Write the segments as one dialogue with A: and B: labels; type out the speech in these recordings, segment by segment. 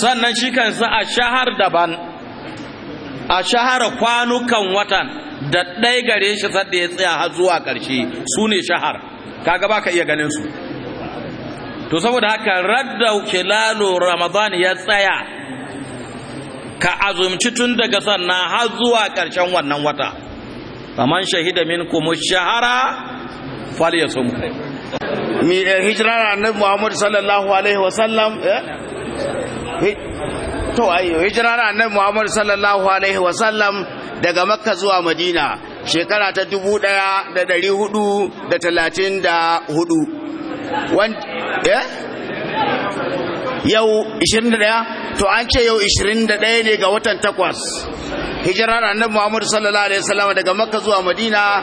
A: sannan shi kan sa a shahar daban a shahar kwanukan watan da ɗai gare shi sadda ya tsaya har zuwa ƙarshe su ne shahar kaga ba ka iya ganin su to saboda haka radda kilalo ramadan ya tsaya ka azumci tun daga sannan har zuwa ƙarshen wannan wata kamar shahida kuma shahara fal ya falyasum
B: mi eh, hijira na annabi Muhammad sallallahu alaihi wasallam eh? to ayo hijira na annabi Muhammad sallallahu alaihi wasallam daga Makka zuwa Madina shekara ta 1434 wan eh yau 21 to an ce yau 21 ne ga watan takwas hijira na annabi Muhammad sallallahu alaihi wasallam daga Makka zuwa Madina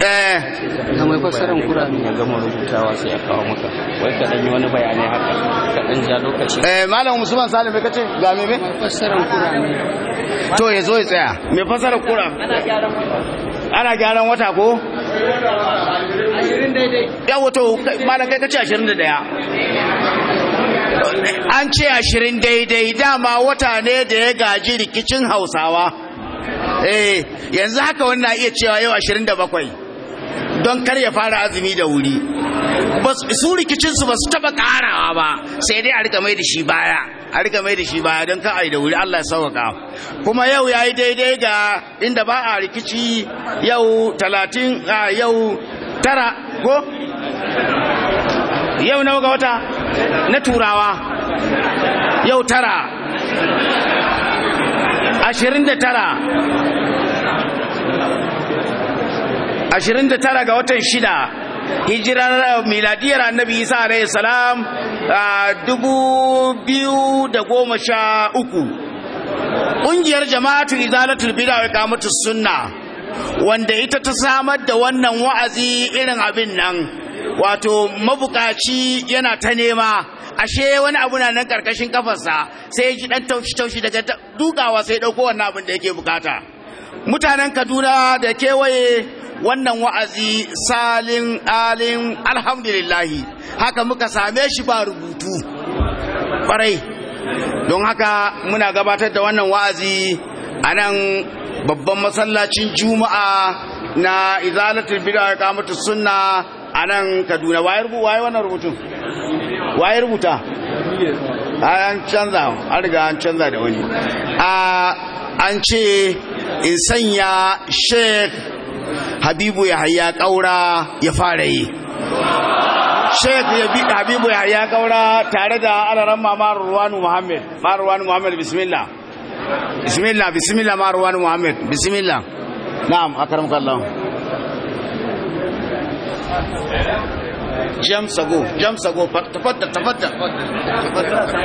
B: eh ga mai fassaran kurani ya gama rubutawa sai ya kawo maka wai ka dan yi wani bayani haka ka dan ja lokaci eh malam Musulman Salim me kace ga meme me fassaran kurani to ya zo ya tsaya me fassaran kura ana gyaran ana gyaran wata ko 20 daidai yawa to malam kai kace 21 an ce ashirin daidai dama wata ne da ya gaji rikicin hausawa eh yanzu haka wannan iya cewa yau 27 don kar ya fara azumi da wuri su rikicinsu ba su taba karawa ba sai dai a rika mai da shi baya a rika mai da shi baya don ai da wuri Allah ya sauka kuma yau ya yi daidai ga inda ba a rikici yau talatin yau tara ko yau nawa ga wata na turawa yau tara ashirin da tara ga watan shida hijiran eh, miladiyar annabi isa alayhi salam ah, dubu biyu da goma sha uku ƙungiyar jama'atu izalatul bida wa sunna wanda ita ta samar da wannan wa'azi irin abin nan wato mabukaci yana ta nema ashe wani abu na nan karkashin kafarsa sai ya ji dan taushi taushi daga dukawa sai dauko wannan abin da yake bukata mutanen Kaduna da kewaye wannan wa'azi salin alin alhamdulillahi haka muka same shi ba rubutu kwarai don haka muna gabatar da wannan wa'azi a nan babban masallacin juma'a na izalatul bid'a ya kamata sunna a nan kaduna waye rubu waye wannan rubutun waye rubuta an canza an riga an canza da wani an ce in sanya sheikh habibu ya haya kaura ya fara yi sheikh habibu ya haya kaura tare da alaran mamaruwanu muhammad maruwanu muhammad bismillah bismillah bismillah maruwanu muhammad bismillah na'am akaramkallahu jam sago jam sago tafaddar tafaddar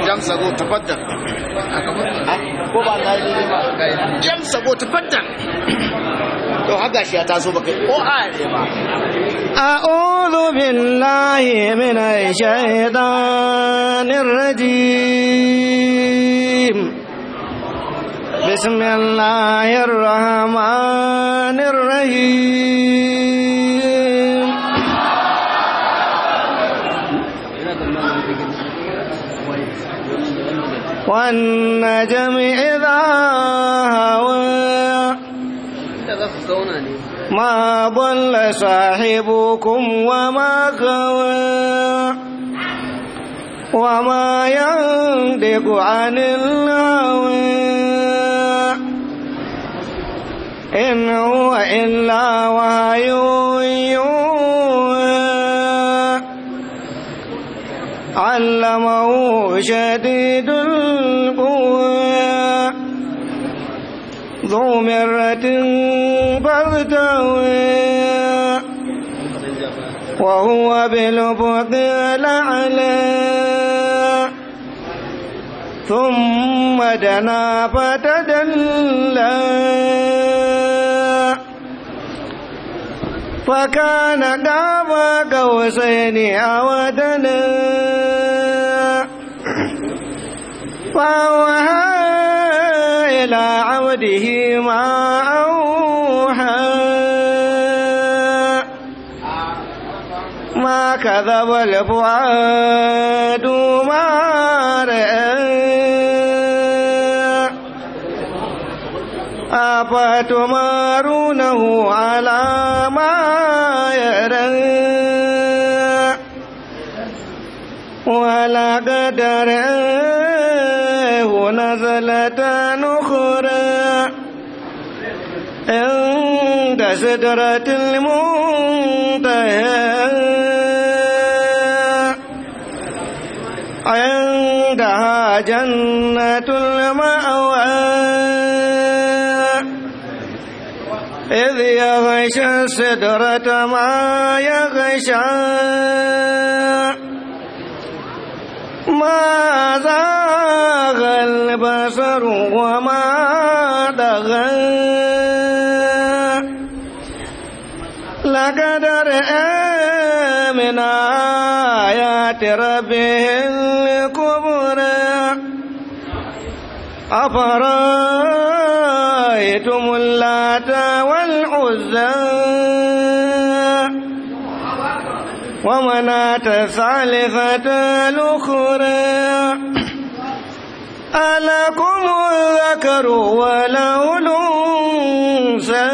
B: jam sago tafaddar ko ba na yi ba jam sago tafaddar to haka shi ya taso baka ko a yi ba
C: أعوذ بالله من الشيطان الرجيم بسم الله الرحمن الرحيم والنجم إذا هوى ما ضل صاحبكم وما غوى وما ينطق عن الهوى إن هو إلا وحي يوحى علمه شديد القوى ذو مرة فارتوى وهو بالأفق الأعلى ثم دنا فتدلى fakana dama ga wasani a wadana fawa ila audihi ma'auha ma ka zaba labuwa duma أفتمارونه على ما يرى ولقد رآه نزلة أخرى عند سدرة المنتهى عندها جنة المأوى إذ يغشى السدرة ما يغشى ما زاغ البصر وما دغى لقد رأى من آيات ربه الكبرى أفرأيتم اللات والعزى العزى ومناة الثالثة الأخرى ألكم الذكر وله الأنثى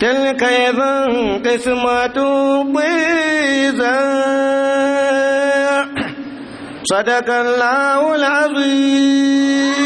C: تلك إذا قسمة ضيزى صدق الله العظيم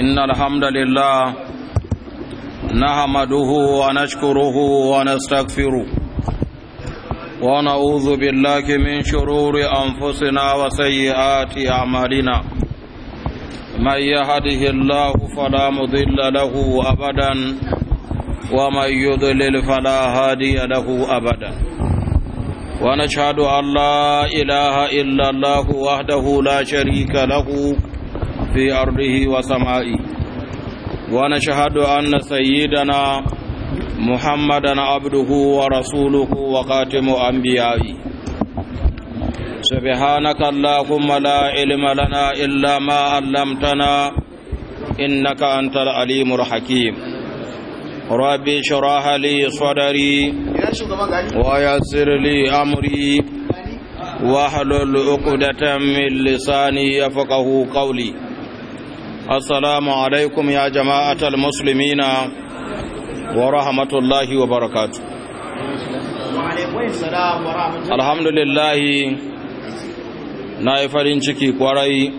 A: إن الحمد لله نحمده ونشكره ونستغفره ونعوذ بالله من شرور أنفسنا وسيئات أعمالنا من يهده الله فلا مضل له أبدا ومن يضلل فلا هادي له أبدا ونشهد أن لا إله إلا الله وحده لا شريك له في أرضه وسمائه ونشهد أن سيدنا محمدا عبده ورسوله وقاتم أنبيائه سبحانك اللهم لا علم لنا إلا ما علمتنا إنك أنت العليم الحكيم ربي شراح لي صدري ويسر لي أمري واحلل عقدة من لساني يفقه قولي السلام alaikum ya جماعة musulmina. Wa rahmatullahi wa barakatu. Alhamdulillahi na yi farin ciki kwarai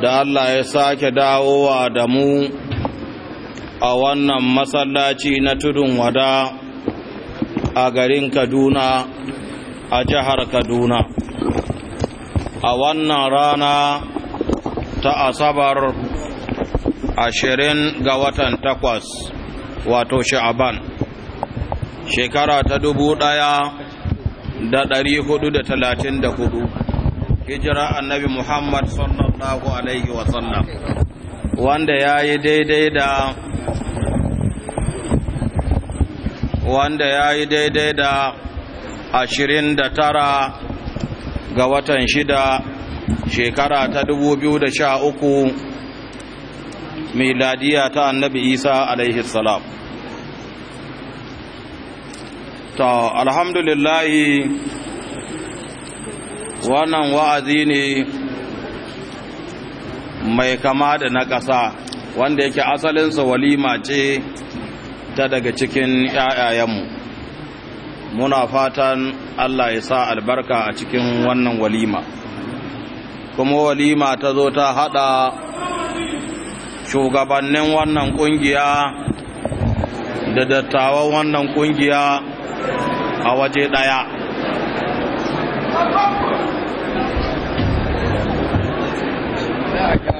A: da Allah ya sake dawowa da mu a wannan masallaci na tudun wada a garin Kaduna a jihar Kaduna a wannan rana ta asabar ashirin ga watan takwas wato sha'aban shekara ta dubu ɗaya da dari hudu da talatin da hudu hijira annabi muhammad sallallahu alaihi wasallam wanda ya yi daidai da wanda ya yi daidai da ashirin da tara ga watan shida shekara ta dubu biyu da sha 2013 miladiya ta annabi isa alaihi salam ta alhamdulillahi wannan wa'azi ne mai kama da na ƙasa wanda yake asalinsa walima ce ta daga cikin ‘ya'yayenmu muna fatan Allah ya sa albarka a cikin wannan walima kuma walima ta zo ta haɗa shugabannin wannan ƙungiya da dattawan wannan kungiya a waje ɗaya Yeah,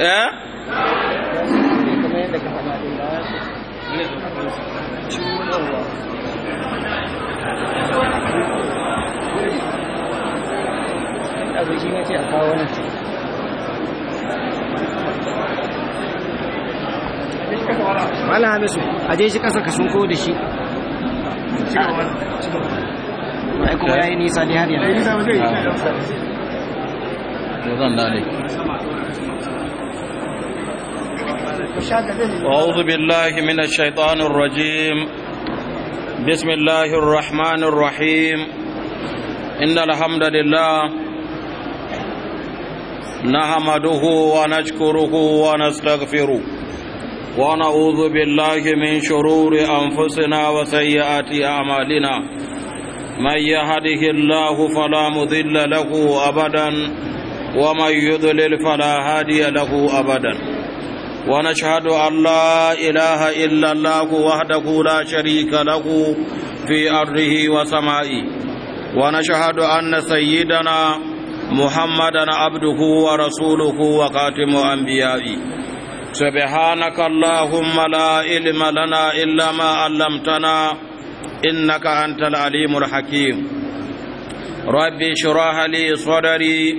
A: eh
C: Mala a je shi ƙasa ka da shi.
A: Ai kuma ya yi nisa ne har yanzu. Ya ah. zan dade.
D: أعوذ
A: بالله من الشيطان الرجيم بسم الله الرحمن الرحيم إن الحمد لله نحمده ونشكره ونستغفره ونعوذ بالله من شرور أنفسنا وسيئات أعمالنا من يهده الله فلا مضل له أبدا ومن يضلل فلا هادي له أبدا ونشهد أن لا إله إلا الله وحده لا شريك له في أرضه وسمائه ونشهد أن سيدنا محمدا عبده ورسوله وخاتم أنبيائه سبحانك اللهم لا علم لنا إلا ما علمتنا إنك أنت العليم الحكيم ربي اشرح لي صدري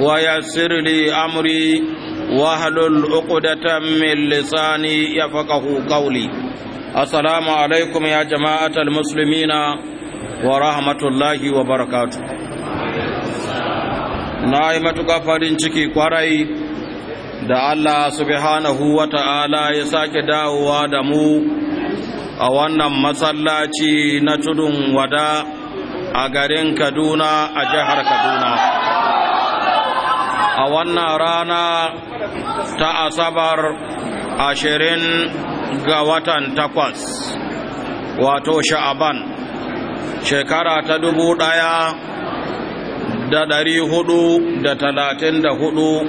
A: ويسر لي أمري واحلل عقدة من لساني يفقه قولي السلام عليكم يا جماعة المسلمين ورحمة الله وبركاته نائمة farin ciki kwarai da Allah subhanahu wa ta'ala ya sake dawowa da mu a wannan masallaci na tudun wada a garin Kaduna a jihar Kaduna a wannan rana ta asabar ashirin ga watan takwas wato sha'aban shekara ta dubu ɗaya da dari hudu da talatin da hudu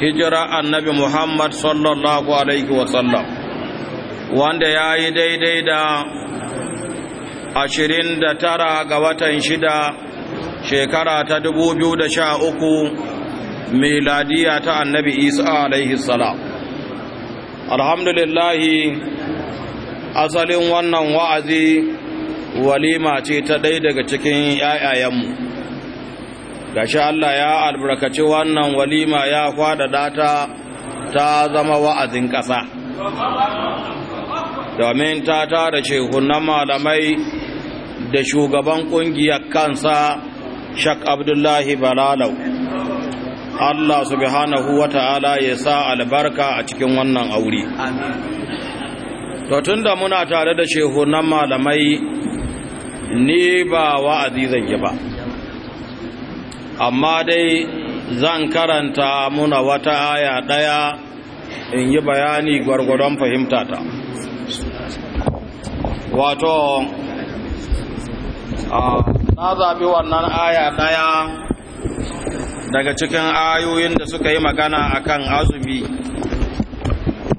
A: hijira annabi muhammad sallallahu alaihi wasallam wanda ya yi daidai da ashirin da tara ga watan shida shekara ta dubu biyu da sha uku miladiya ta annabi isa alaihi salam alhamdulillahi asalin wannan wa'azi walima ce ta ɗaya daga cikin ‘ya'yayenmu gashi Allah ya albarkaci wannan walima ya faɗaɗa ta ta zama wa'azin ƙasa domin ta tara shekunan malamai da shugaban ƙungiyar kansa shak abdullahi balalau Allah subhanahu wa ta'ala ya sa albarka a cikin wannan aure to tunda muna tare da shehunan malamai ni ba wa'azi azizan yi ba amma dai zan karanta muna wata aya ɗaya in yi bayani gwargwadon fahimta ta wato ah, na zaɓi wannan aya ɗaya daga cikin ayoyin da suka yi magana akan azumi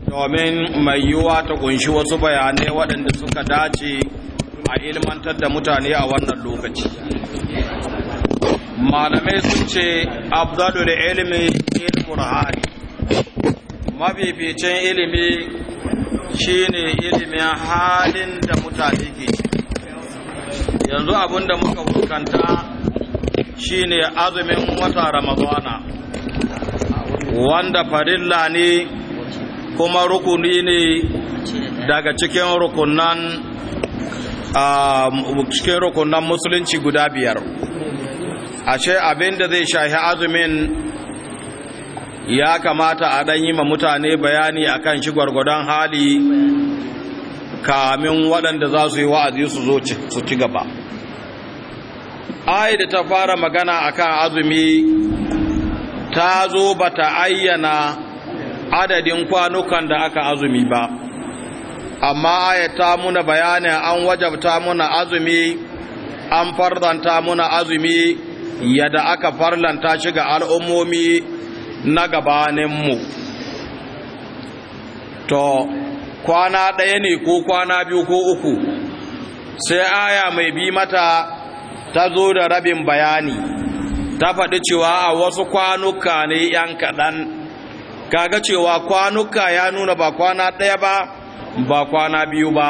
A: domin mai yiwuwa ta kunshi wasu bayanai waɗanda suka dace a ilmantar da mutane a wannan lokaci malamai sun ce abdullu ilimi ilmurhari, mafificin ilimi shine ilimin halin da mutane ke yanzu abinda muka fuskanta shine azumin wata ramadana wanda farilla ne kuma rukuni ne daga cikin rukunan cikin rukunan musulunci guda biyar ashe abin da zai shahi azumin ya kamata a ɗan yi ma mutane bayani akan shi gwargwadon hali kamin waɗanda za su yi wa'azi su zo su ci gaba ayi da ta fara magana akan azumi ta zo ba ta ayyana adadin kwanukan da aka azumi ba amma aya ta muna bayanin an wajabta muna azumi an farzanta muna azumi yadda aka farlanta shi ga al'ummomi na gabaninmu to kwana ɗaya ne ko kwana biyu ko uku sai aya mai bi mata ta zo da rabin bayani ta faɗi cewa a wasu kwanuka ne ‘yan kaɗan kaga cewa kwanuka ya nuna ba kwana ɗaya ba ba kwana biyu ba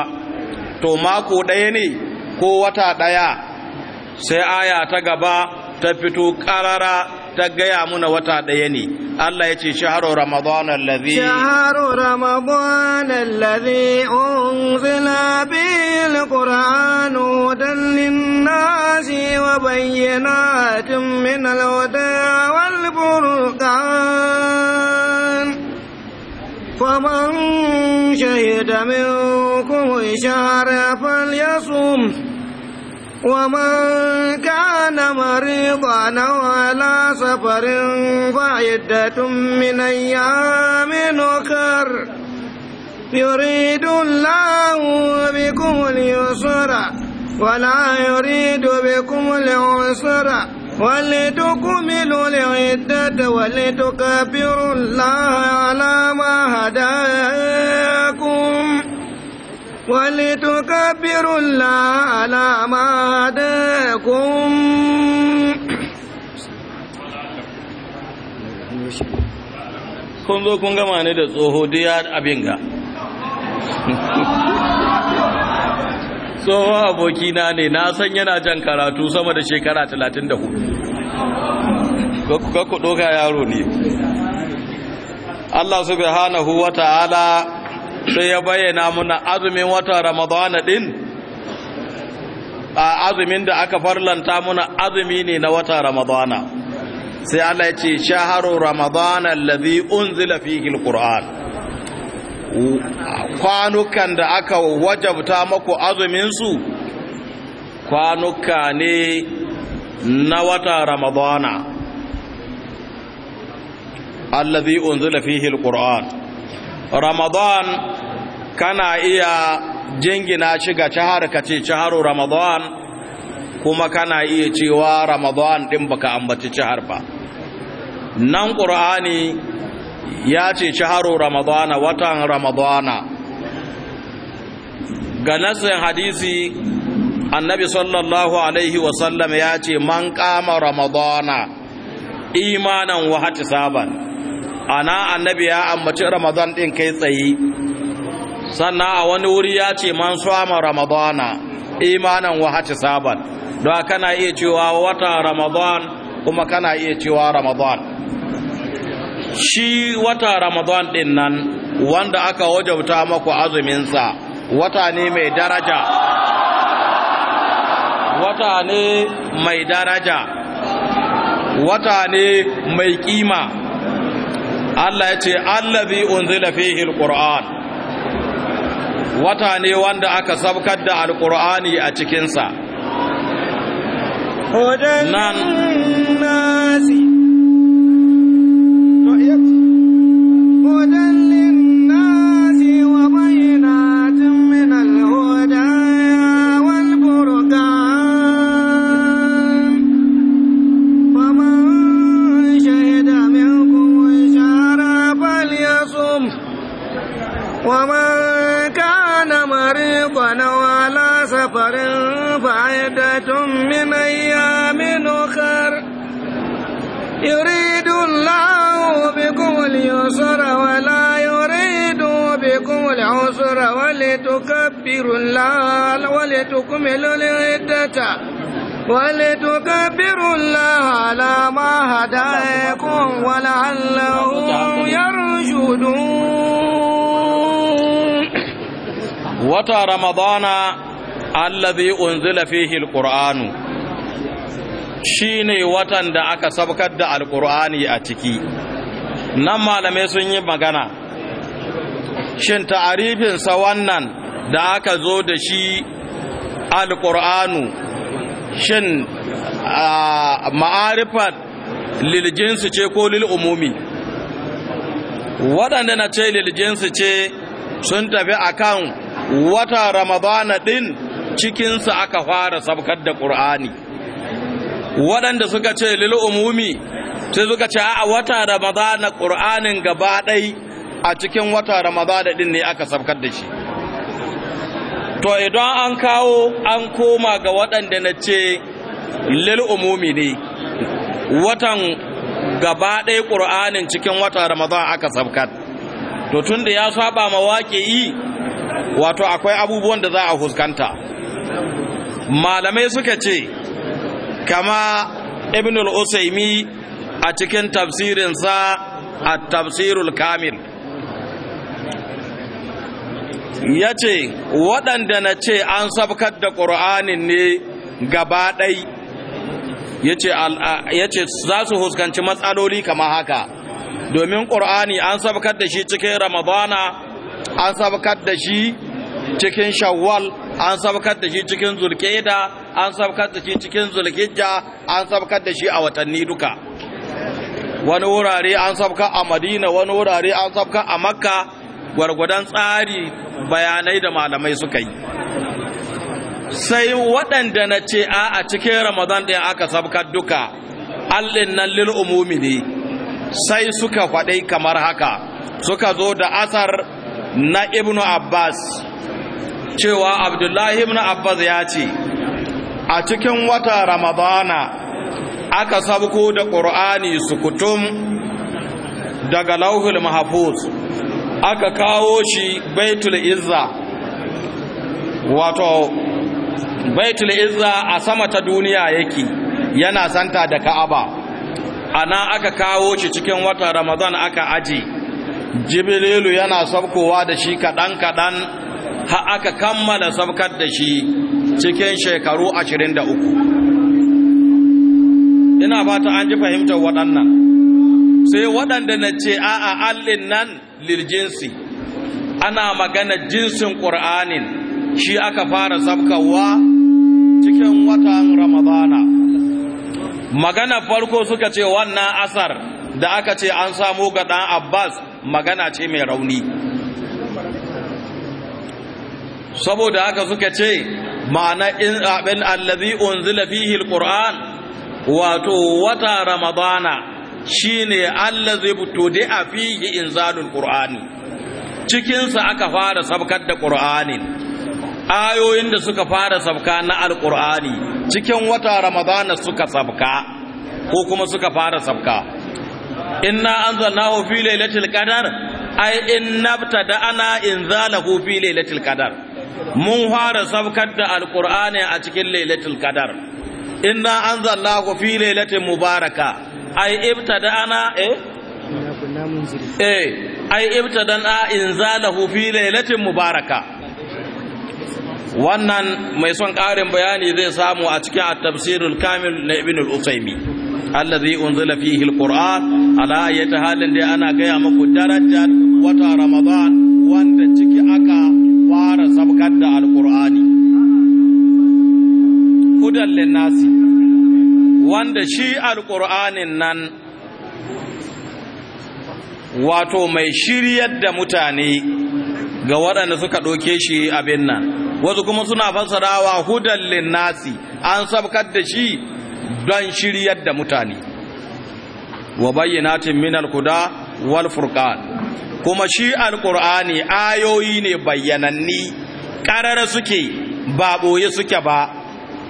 A: to mako ɗaya ne ko wata ɗaya sai aya ta gaba ta fito ƙarara ta gaya muna wata ɗaya ne Allah ya ce shaharu ramadan allazi
C: shaharu ramadan allazi unzila bil qur'an hudan linnasi wa bayyinatin min al wal furqan فمن شهد منكم شهر فليصم ومن كان مريضا ولا سفر فعدة من أيام أخر يريد الله بكم اليسر ولا يريد بكم العسر ولتكملوا العدة ولتكبروا الله على ما هداكم ولتكبروا الله على ما هداكم
A: kun zo kun gama ne da tsoho duk abin ga tsoho abokina ne na san yana jan karatu sama da shekara 34 kakku ɗoka yaro ne Allah hana wa ta'ala sai ya bayyana muna azumin wata ramadana din a azumin da aka farlanta muna azumi ne na wata ramadana sai Allah ya ce shaharu ramadana allazi unzila fihi alquran kwanukan da aka wajabta muku azumin su kwanuka ne na wata ramadana allazi unzila fihi alquran ramadan kana iya jingina shi ga cahar ka ce caharu ramadan kuma kana iya cewa ramadan din baka ambaci cahar ba nan ƙur'ani ya ce caharu ramadana watan ramadana ga nasin hadisi annabi sallallahu alaihi wasallam ya ce man kama ramadana imanan wa hatisaban ana annabi ya ambaci ramadan din kai tsaye sannan a wani wuri ya ce man swama ramadana imanan wa hati saban don kana iya cewa wata ramadan kuma kana iya cewa ramadan shi wata ramadan din nan wanda aka wajabta maku azuminsa wata ne mai daraja wata ne mai daraja wata ne mai kima Allah ya ce allazi unzila fihi alquran wata ne wanda aka sabkar da alqurani a cikin sa
C: nan سفر فعدة من أيام أخر يريد الله بكم اليسر ولا يريد بكم العسر ولتكبروا الله ولتكملوا العدة ولتكبروا الله على ما هداكم ولعلهم يرشدون
A: wata رمضان allazi unzila fihi alqur'anu shine watan da aka sabkar da alqur'ani a ciki nan malamai sun yi magana shin ta'arifin sa wannan da aka zo da shi alqurani shin ma'arifat lil jinsi ce ko lil umumi waɗanda na ce lil jinsi ce sun tafi akan wata ramadana din cikinsa aka fara sabkar da ƙur'ani waɗanda suka ce lil umumi sai suka ce a wata ramadana ƙur'anin gaba ɗai a cikin wata ramadana ɗin ne aka sabkar da shi to idan an kawo an koma ga waɗanda na ce lil umumi ne watan gaba ɗaya ƙur'anin cikin wata ramadan aka sabkar to tun da ya saba mawaƙi wato akwai abubuwan da za a huskanta malamai suka ce kama ibn al-usaimi a cikin tafsirinsa a tafsirul kamil ya ce waɗanda na ce an sabkar da ƙur'anin ne gaba ɗai ya ce za su huskanci matsaloli kama haka domin ƙur'ani an sabkar da shi cikin ramadana an sabkar da shi cikin shawwal an sabkar da shi cikin zulkeda an sabkar da shi cikin zulhijja an sabkar da shi a watanni duka wani wurare an sabka a madina wani wurare an sabka a makka gwargwadon tsari bayanai da malamai suka yi sai waɗanda na ce a a cikin ramadan ɗin aka sabkar duka allin nan lil umumi ne sai suka faɗai kamar haka suka zo da asar na ibnu abbas cewa abdullahi ibn abbas ya ce a cikin wata ramadana aka sabko da ƙur'ani sukutum daga lauhul mahafuz aka kawo shi baitul izza wato baitul izza a sama ta duniya yake yana santa da ka'aba ana aka kawo shi cikin wata ramadan aka aji jibrilu yana sabkowa da shi kaɗan-kaɗan har aka kammala sabkar da shi cikin shekaru 23 ina fata an ji fahimtar waɗannan sai waɗanda na ce a'a allin nan liljinsi ana magana jinsin ƙur'anin shi aka fara sabkawa cikin watan ramadana magana farko suka ce wannan asar da aka ce an samu ga ɗan abbas magana ce mai rauni saboda haka suka ce ma'ana in abin allazi unzila fihi alquran wato wata ramadana shine allazi a fihi inzalul qur'ani cikin sa aka fara sabkar da qur'ani ayoyin da suka fara sabka na alqur'ani cikin wata ramadana suka sabka ko kuma suka fara sabka inna anzalnahu fi lailatul qadar ay in ana inzalahu fi lailatul qadar mun fara sabkar da alqur'ani a cikin lailatul qadar inna anzalahu fi lailatin mubaraka ai ana eh eh ai ibtadana inzalahu fi lailatin mubaraka wannan mai son ƙarin bayani zai samu a cikin at-tafsirul kamil na ibn al-usaymi alladhi unzila fihi al-qur'an ala ayati halin da ana gaya muku darajar wata ramadan wanda ciki aka fara sabkar da alkur'ani hudan linnasi wanda shi alkur'anin nan wato mai shiryar da mutane ga waɗanda suka ɗauke shi abin nan wasu kuma suna fassarawa hudan linnasi an sabkar da shi don shiryar da mutane wa bayyanatin min alkuda wal furqan kuma shi alkur'ani ayoyi ne bayyananni ƙarar suke ba ɓoye suke ba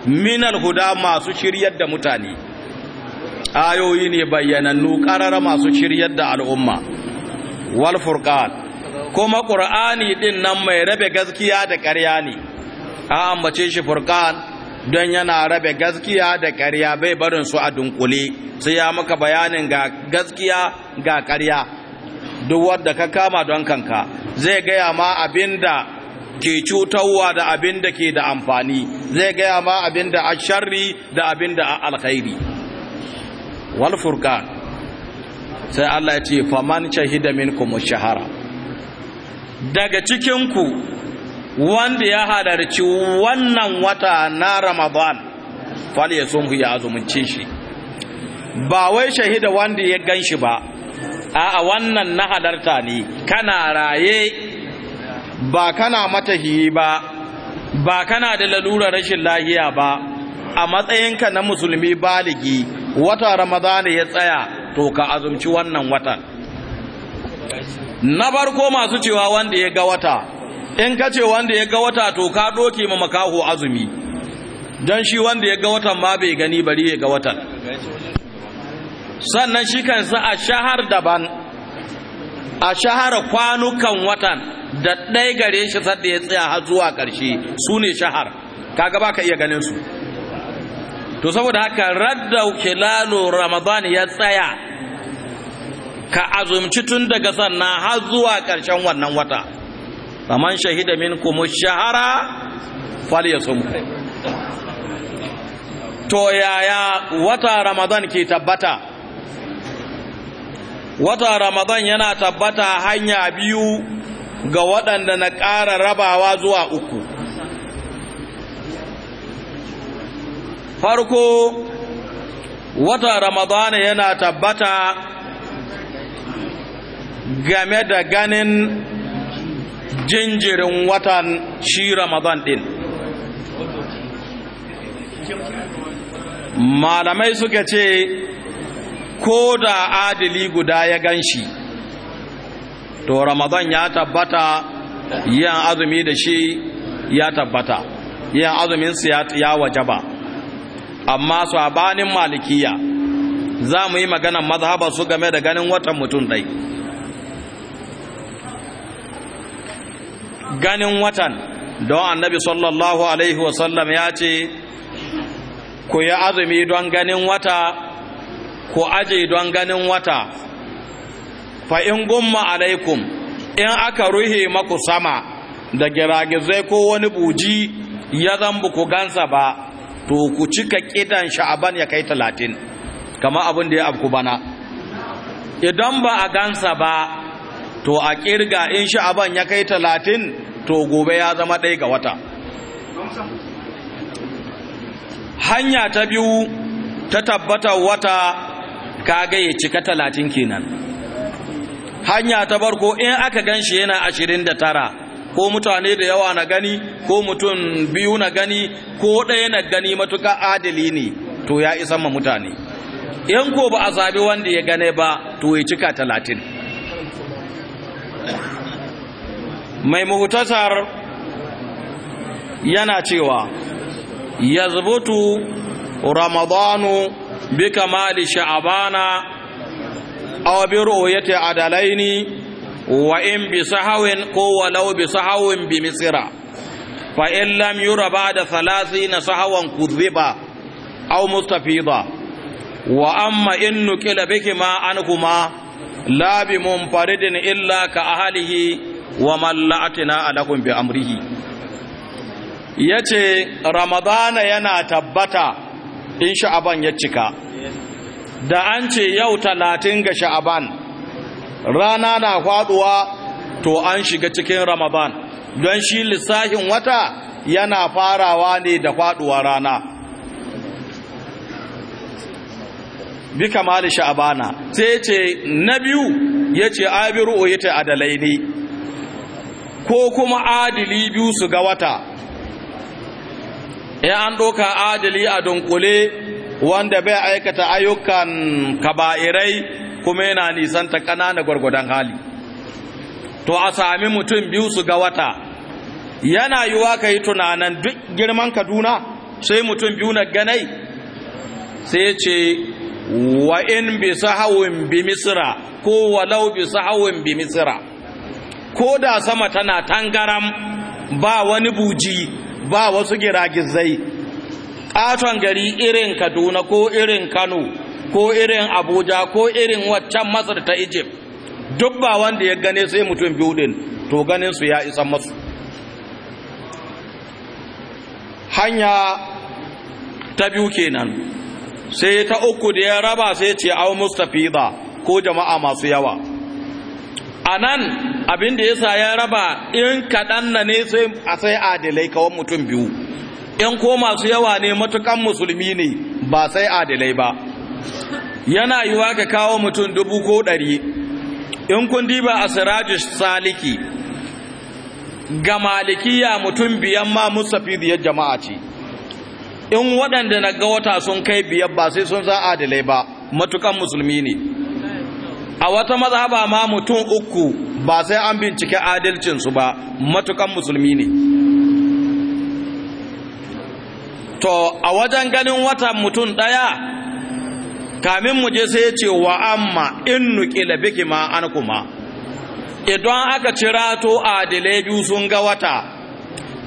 A: minal huda masu shiryar da mutane ayoyi ne bayyanannu ƙarar masu shiryar da al'umma wal kuma ƙur'ani din nan mai rabe gaskiya da ƙarya ne a ambace shi furkan don yana rabe gaskiya da ƙarya bai barin su a dunkule sai ya maka bayanin ga gaskiya ga ƙarya duk wanda ka kama don kanka zai gaya ma abin da ke cutarwa da abin ke da amfani zai gaya ma abin a sharri da abin da a alkhairi wal furqan sai Allah ya ce faman shahida minkum shahara daga cikin ku wanda ya halarci wannan wata na Ramadan fal yasum ya azumunce shi ba wai shahida wanda ya ganshi ba a'a wannan na hadarta ne kana raye ba kana matahi ba ba kana da lalura rashin lahiya ba a matsayinka na musulmi baligi wata ramadana ya tsaya to ka azumci wannan watan na farko masu cewa wanda ya ga wata in ka ce wanda ya ga wata to ka doke ma makaho azumi don shi wanda ya ga watan ma bai gani bari ya ga watan sannan shi sa a shahar daban a shahar kwanukan watan da ɗaya gare shi sadda ya tsaya har zuwa ƙarshe su ne shahar kaga ba ka iya ganin su to saboda haka radda kilalo ramadan ya tsaya ka azumci tun daga sannan har zuwa ƙarshen wannan wata faman shahida kuma shahara kai to yaya wata ramadan ke tabbata wata ramadan yana tabbata hanya biyu ga waɗanda na ƙara rabawa zuwa uku farko wata ramadan yana tabbata game da ganin jinjirin watan shi ramadan ɗin malamai suka ce ko da adali guda ya gan shi to ramadan ya tabbata yin azumi da shi ya tabbata yin azuminsu ya wajaba amma sabanin malikiya za mu yi maganan mazhabar su game da ganin watan mutum dai ganin watan don annabi sallallahu alaihi wasallam ya ce ku yi azumi don ganin wata ku aje don ganin wata fa in gumma alaikum in aka ruhe maku sama da giragizai ko wani buji ya zambu ku gansa ba to ku cika kidan sha'aban ya kai talatin kama abin da ya abku bana idan ba a gansa ba to a kirga in sha'aban ya kai talatin to gobe ya zama ɗaya ga wata hanya ta biyu ta tabbata wata Ka ga ya cika talatin kenan hanya ta barko in aka gan shi yana ashirin da tara ko mutane da yawa na gani ko mutum biyu na gani ko ɗaya na gani matuka adali ne to ya isa ma mutane in ko ba a zabi wanda ya gane ba to ya cika talatin mai mahutasar yana cewa zubutu ramadanu bika mali sha'abana aw bi ru'yati adalaini wa in bi sahawin ko wa law bi sahawin bi misra fa in lam yura ba'da thalathi na sahawan kudhiba aw mustafida wa amma innu kila biki ma an kuma la bi munfaridin illa ka ahlihi wa mallatina alakum bi amrihi yace ramadana yana tabbata in sha'aban ya cika da an ce yau talatin ga sha'aban rana na faduwa to an shiga cikin ramadan don shi lissahin wata yana farawa ne da faduwa rana bi kamali sha'abana sai ce na biyu ya ce abiru o adalai ne ko kuma adili biyu su ga wata ya an doka adali a dunkule wanda bai aikata ayyukan kaba'irai kuma yana nisan ta ƙanana gwargwadon hali to a sami mutum biyu su ga wata yana yiwa ka yi tunanin duk girman kaduna sai mutum biyu na ganai sai ce wa in bi sahawin bi misra ko walau bi sahawin bi misra ko da sama tana tangaram ba wani buji ba wasu giragizai ƙaton gari irin kaduna ko irin kano ko irin abuja ko irin waccan masar ta egypt duk ba wanda ya gane sai mutum biyu din to ganin su ya isa masu hanya ta biyu kenan sai ta uku da ya raba sai ce au mustafi ko jama'a masu yawa a nan abin da yasa ya raba in kaɗan na ne sai a sai adalai kawan mutum biyu in ko masu yawa ne matukan musulmi ne ba sai adalai ba yana yiwa ka kawo mutum dubu ko ɗari in kun diba a sirajish saliki ga malikiya mutum biyan ma musafi biyar jama'a ce in waɗanda na ga wata sun kai biyar ba sai sun za adalai ba matukan musulmi ne a wata mazhaba ma mutum uku ba sai an bincike adalcinsu ba matukan musulmi ne to a wajen ganin wata mutum ɗaya kamin mu je sai ya ce wa amma in nukila biki ma an kuma idan aka cirato adalai biyu sun ga wata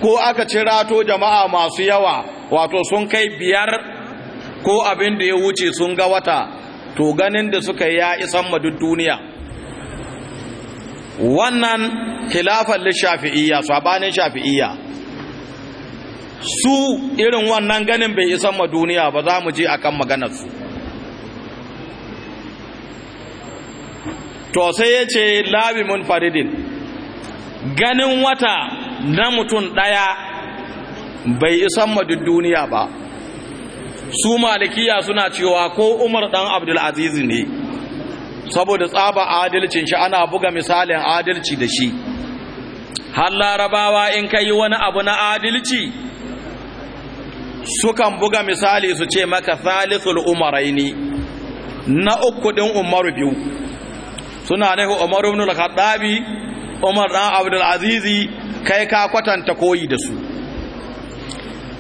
A: ko aka cira to jama'a masu yawa wato sun kai biyar ko abin da ya wuce sun ga wata to ganin da suka yi ya isan madu duniya wannan khilafan lishafi'iyya sabanin shafi'iyya su irin wannan ganin bai isan ma duniya ba za mu je akan maganar su to sai ya ce labi mun faridin ganin wata na mutum ɗaya bai isan ma duniya ba su malikiya suna cewa ko umar dan abdul aziz ne saboda tsaba adalcin shi ana buga misalin adalci da shi har larabawa in ka yi wani abu na adalci sukan buga misali su ce maka thalithul umaraini na uku din umaru biyu suna nufin umar ibn al-khattabi umar dan abdul aziz kai ka kwatanta koyi da su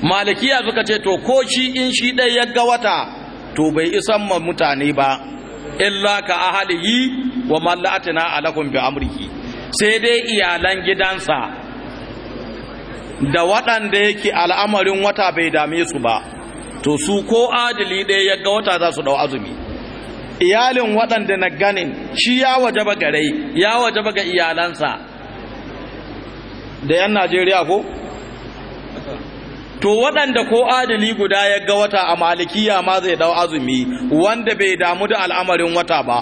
A: malikiya suka ce to ko shi in shi ɗai ya ga wata to bai isan ma mutane ba illa ka ahalihi wa mallatina alakum bi amrihi sai dai iyalan gidansa da waɗanda yake al'amarin wata bai dame su ba to su ko adili ɗaya ya ga wata za su ɗau azumi iyalin waɗanda na ganin shi ya wajaba gare ya wajaba ga iyalansa da 'yan najeriya ko to waɗanda ko adali guda ya ga wata a malikiya ma zai dau azumi wanda bai damu da al'amarin wata ba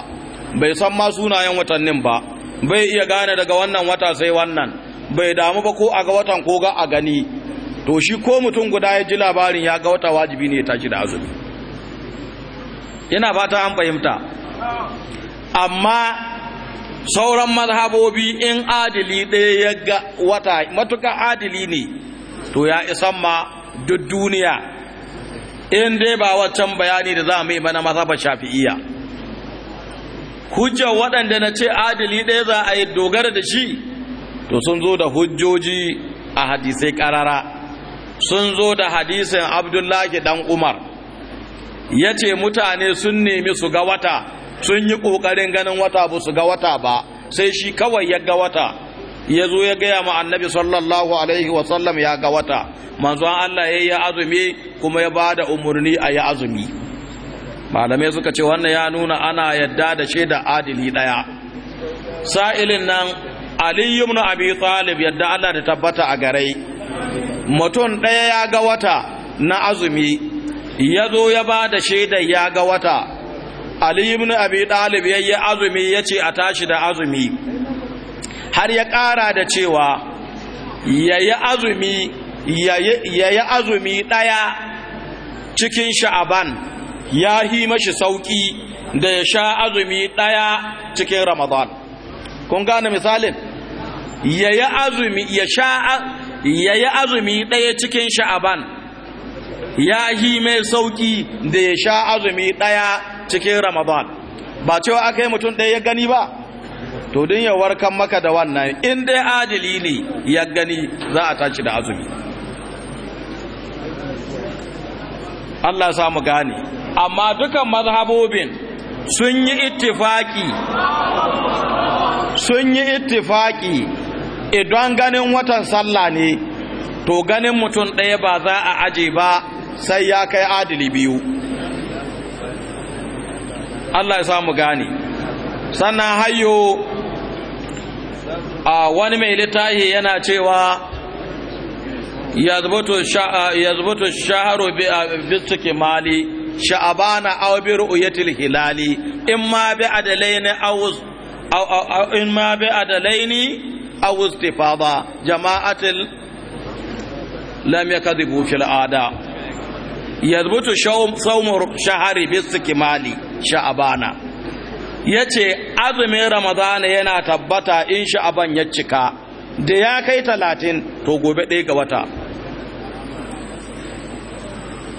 A: bai san ma sunayen watannin ba bai iya gane daga wannan wata sai wannan bai damu ba ko a ga watan ko ga a gani to shi ko mutum guda ya ji labarin ya ga wata wajibi ne ya tashi da azumi yana fata an fahimta amma sauran mazhabobi in adili ɗaya ya ga wata matuƙa adili ne to ya isan ma duk duniya in dai ba wancan bayani da za mu yi mana mazhabar shafi'iyya hujjar waɗanda na ce adali ɗaya za a yi dogara da shi to sun zo da hujjoji a hadisai ƙarara sun zo da hadisin abdullahi dan umar ya ce mutane sun nemi su ga wata sun yi ƙoƙarin ganin wata ba su ga wata ba sai shi kawai ya ga wata ya zo ya gaya ma annabi sallallahu alaihi wa sallam ya ga wata manzon Allah ya yi azumi kuma ya bada umarni a yi azumi malamai suka ce wannan ya nuna ana yadda da shaida adili daya sa'ilin nan ali ibn abi talib yadda Allah da tabbata a gare mutum daya ya ga wata na azumi ya zo ya bada shaida ya ga wata ali ibn abi talib yayi azumi yace a tashi da azumi har ya ƙara da cewa yayi azumi yayi azumi ɗaya cikin sha'aban ya hi mashi sauƙi da ya sha azumi ɗaya cikin ramadan kun gane misalin yayi azumi ya sha yayi azumi ɗaya cikin sha'aban ya hi mai sauƙi da ya sha azumi ɗaya cikin ramadan ba cewa aka yi mutum ɗaya ya gani ba to din ya warkan maka da wannan in dai adili ne ya gani za a tashi da azumi Allah sa mu gane amma dukan mazhabobin sun yi ittifaki sun yi ittifaki idan ganin watan sallah ne to ganin mutum ɗaya ba za a aje ba sai ya kai adili biyu Allah ya samu gane sannan hayo a wani mai littafi yana cewa yazbutu shaharu bisuke mali sha'abana aw bi ru'yatil hilali in ma bi adalaini aw in ma bi adalaini aw istifada jama'atil lam yakadhibu fil ada yazbutu shawm sawm shahari mali sha'abana ya ce azumin ramadana yana tabbata in sha'aban ya cika da ya kai talatin to gobe ɗaya ga wata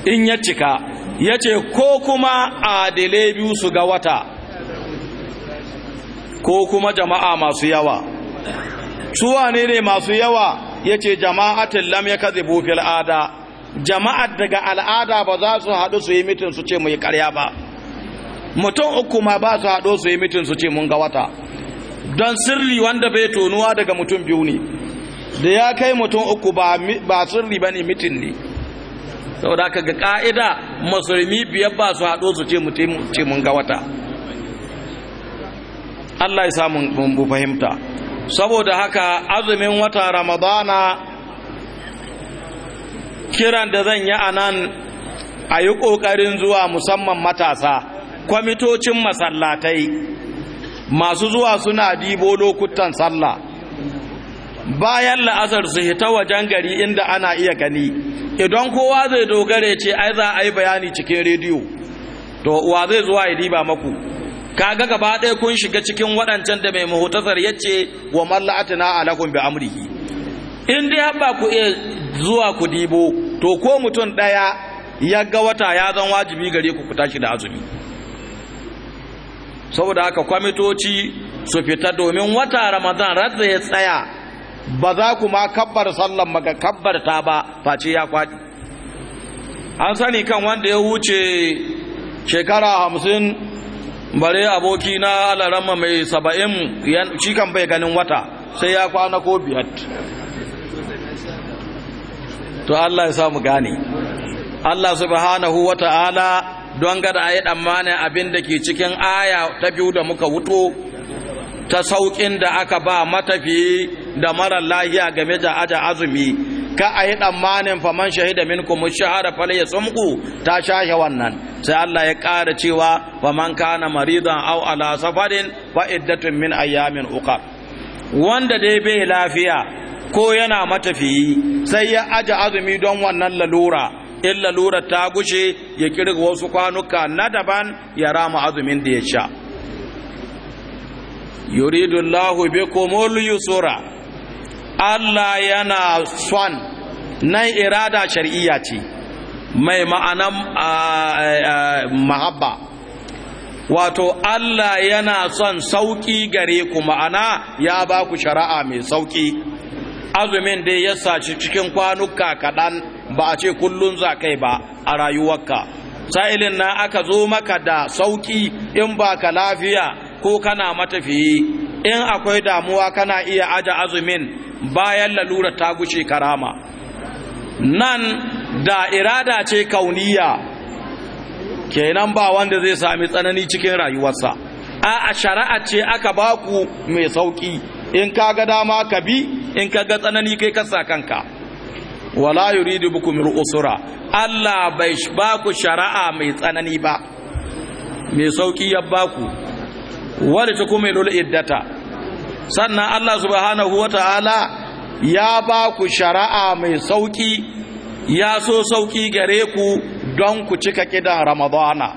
A: in ya cika ya ce ko kuma adile biyu su ga wata ko kuma jama'a masu yawa suwa ne ne masu yawa ya ce jama'a lam ya kazi bufil ada Jama'a daga al'ada ba za su haɗu su yi mitin su ce mai yi ƙarya ba mutum uku ma ba su haɗo su yi mitin su ce mun ga wata don sirri wanda bai tonuwa daga mutum biyu ne da ya kai mutum uku ba sirri ba ne mitin ne saboda ka ga ƙa'ida musulmi biyar ba su haɗo su ce mun ga wata Allah ya samu mun fahimta saboda haka azumin wata ramadana kiran da zan yi a nan a yi ƙoƙarin zuwa musamman matasa kwamitocin masallatai masu zuwa suna dibo lokutan sallah bayan la'azar su hita wajen gari inda ana iya gani idan kowa zai dogare ce ai za a yi bayani cikin rediyo to wa zai zuwa ya diba maku kaga gaba ɗaya kun shiga cikin waɗancan da mai mahutasar ya ce wa malla'atina alakun bi amrihi in dai haɓa ku iya zuwa ku dibo to ko mutum ɗaya ya ga wata ya zan wajibi gare ku ku tashi da azumi saboda haka kwamitoci su fita domin wata ramadan radda ya tsaya ba za ku ma kabbar sallan maka kabbar ta ba face ya kwaɗi an sani kan wanda ya wuce shekara hamsin bare aboki na alarama mai saba'in shi bai ganin wata sai ya kwana ko biyar to Allah ya samu gane Allah subhanahu wa ta'ala don gada a yi ɗammanin abin da ke cikin aya ta biyu da muka wuto ta sauƙin da aka ba matafiyi da marar lahiya game da aja azumi ka a yi tsammanin faman shahida min kuma shahara fal ya tsumku ta shahe wannan sai Allah ya ƙara cewa faman kana maridan au ala safarin fa iddatun min ayyamin uka. wanda dai bai lafiya ko yana matafiyi sai ya aja azumi don wannan lalura Illa lura ta gushe ya kirga wasu kwanuka na daban ya rama azumin da ya sha yuridullahu kumul yusura Allah yana son nan irada shar'iyya ce mai ma'anan mahabba wato Allah yana son sauƙi gare ku ma'ana ya ba ku shari'a mai sauƙi azumin da ya sace cikin kwanuka kaɗan ba a ce kullun za kai ba a rayuwarka sa'ilin na aka zo maka da sauki in ba ka lafiya ko kana matafiyi in akwai damuwa kana iya aja azumin bayan lalura ta guce karama nan da irada ce kauniya kenan ba wanda zai sami tsanani cikin rayuwarsa a a shari'a ce aka baku mai sauki in ka ga dama ka bi in ka ga tsanani kai ka sa kanka wala yuridu bikum usura Allah bai ba ku shari'a mai tsanani ba mai sauki ya ba ku wala takumilul iddata sannan Allah subhanahu wataala ya ba ku shari'a mai sauki ya so sauki gare ku don ku cika kidan ramadana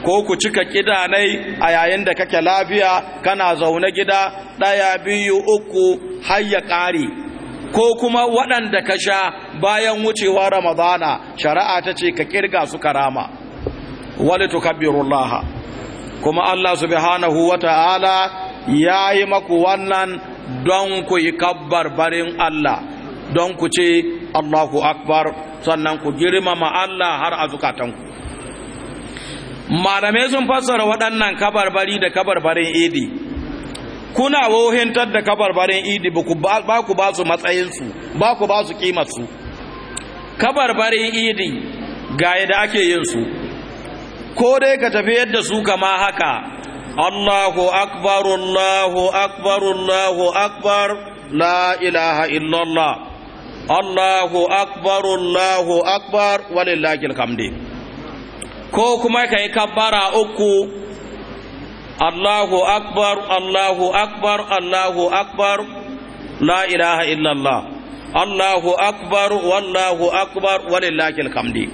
A: ko ku cika kidanai a yayin da kake lafiya kana zaune gida ɗaya biyu uku har ya ƙare ko kuma waɗanda ka sha bayan wucewa ramadana shari'a ta ce ka kirga su karama wali tukabbirullaha kuma Allah subhanahu ya yi maku wannan don ku yi kabbar barin Allah don ku ce Allahu akbar sannan ku girmama Allah har a zukatanku malamai sun fassara waɗannan kabarbari da kabarbarin idi kuna wohintar da kabarbarin idi ba ku ba su matsayinsu ba ku ba su kimarsu kabarbarin idi ga yadda ake yin su ko dai ka tafi yadda su kama haka Allahu akbar Allahu akbar Allahu akbar la ilaha illallah Allahu akbar Allahu akbar walillahi hamdi ko kuma kai kabbara uku Allahu akbar Allahu akbar Allahu akbar la illallah Allahu akbar wallahu akbar walillahil hamdi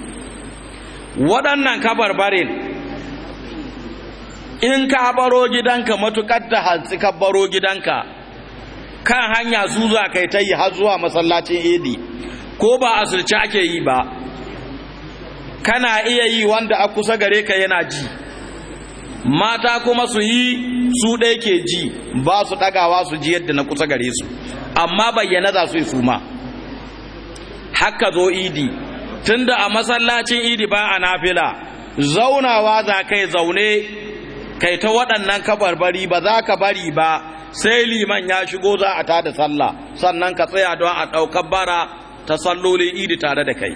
A: waɗannan kabarbarin in ka baro gidanka matukar da hatsi ka baro gidanka kan hanya su za kai ta yi har zuwa masallacin idi ko ba asirce ake yi ba kana iya yi wanda a kusa gare ka yana ji mata kuma su yi su ɗaya ke ji ba su ɗagawa su ji yadda na kusa gare su amma bayyana za su yi su haka zo idi tunda a masallacin idi ba a nafila zaunawa za kai zaune kai ta waɗannan kabarbari ba za ka bari ba sai liman ya shigo za a tada sallah sannan ka tsaya don a ɗaukar bara ta sallolin idi tare da kai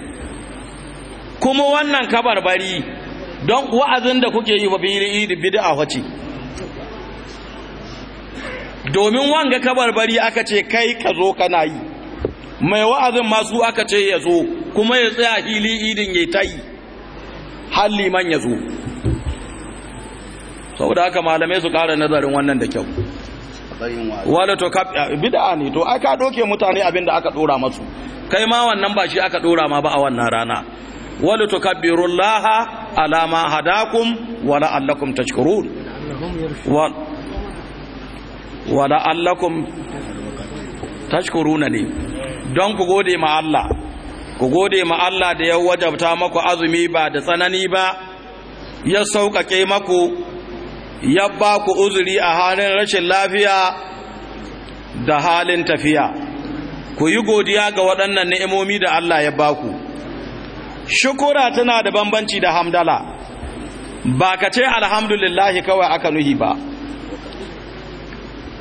A: kuma wannan kabar-bari. don wa'azin da kuke yi wa bid'a bid'a wace domin wanga kabarbari aka ce kai ka zo kana yi mai wa'azin masu aka ce ya zo kuma ya tsaya hili idin ya ta yi har liman ya zo saboda haka malamai su ƙara nazarin wannan da kyau wadda to bid'a ne to aka doke mutane abin da aka dora masu kai ma wannan ba shi aka dora ma ba a wannan rana wala tukabbiru allaha ala ma hadakum wa la'allakum tashkurun tashkuruna ne don ku gode ma Allah ku gode ma Allah da ya wajabta maku azumi ba da tsanani ba ya sauƙaƙe maku ya ba ku uzuri a halin rashin lafiya da halin tafiya ku yi godiya ga waɗannan ni'imomi da Allah ya ba ku shukura tana da bambanci da hamdala ba ka ce alhamdulillahi kawai aka nuhi ba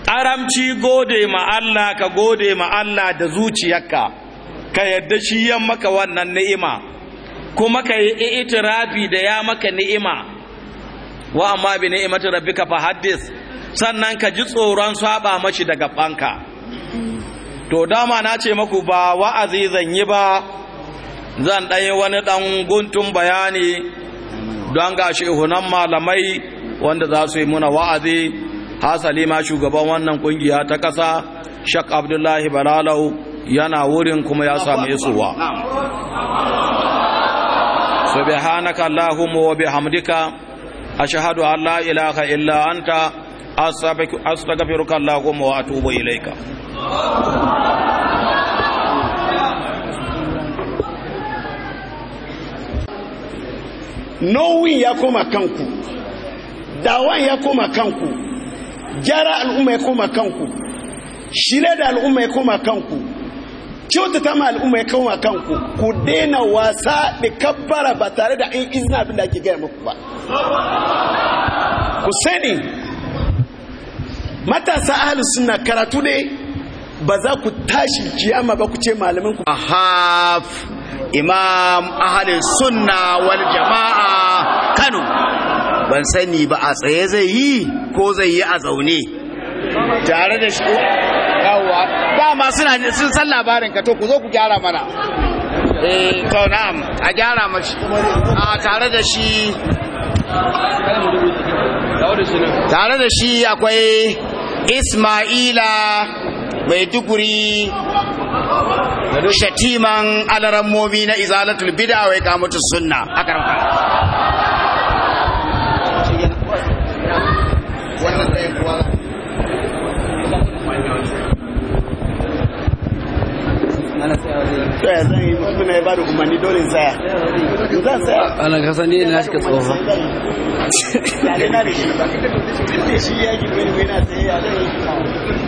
A: ƙaramci gode ma ka gode ma da zuciyarka ka yadda shi ya maka wannan ni'ima kuma ka yi itirafi da ya maka ni'ima wa amma bi ni'imati rabbika fa haddis sannan ka ji tsoron saba mashi daga banka to dama na ce maku ba wa'azi zan yi ba zan ɗaya wani ɗan guntun bayani don ga shehunan malamai wanda za su yi muna wa'azi hasali ma shugaban wannan ƙungiya ta ƙasa shak abdullahi balalau yana wurin kuma ya samu isuwa subhanaka allahumma wa bihamdika ashhadu an la ilaha illa anta astaghfiruka allahumma wa atubu ilaika
E: nauyin ya koma kanku dawan ya koma kanku gyara al'umma ya koma kanku shirya da al'umma ya koma kanku kyautata ma al'umma ya koma kanku ku daina wasa da kabbara ba tare da an izina abin da ake gaya muku ba ku sani matasa ahalus suna karatu ne ba za ku tashi
B: kiyama ba ku ce malamin a haf imam ahalin sunna wal jama'a kano ban sani ba a tsaye zai yi ko zai yi a zaune tare da shi yawwa ma suna sun san labarin ka to ku zo ku gyara mana eh to na'am a gyara mashi a tare da shi tare da shi akwai ismaila maiduguri shatiman alarammomi na izalatul bida wai kamutu sunna a karfa ka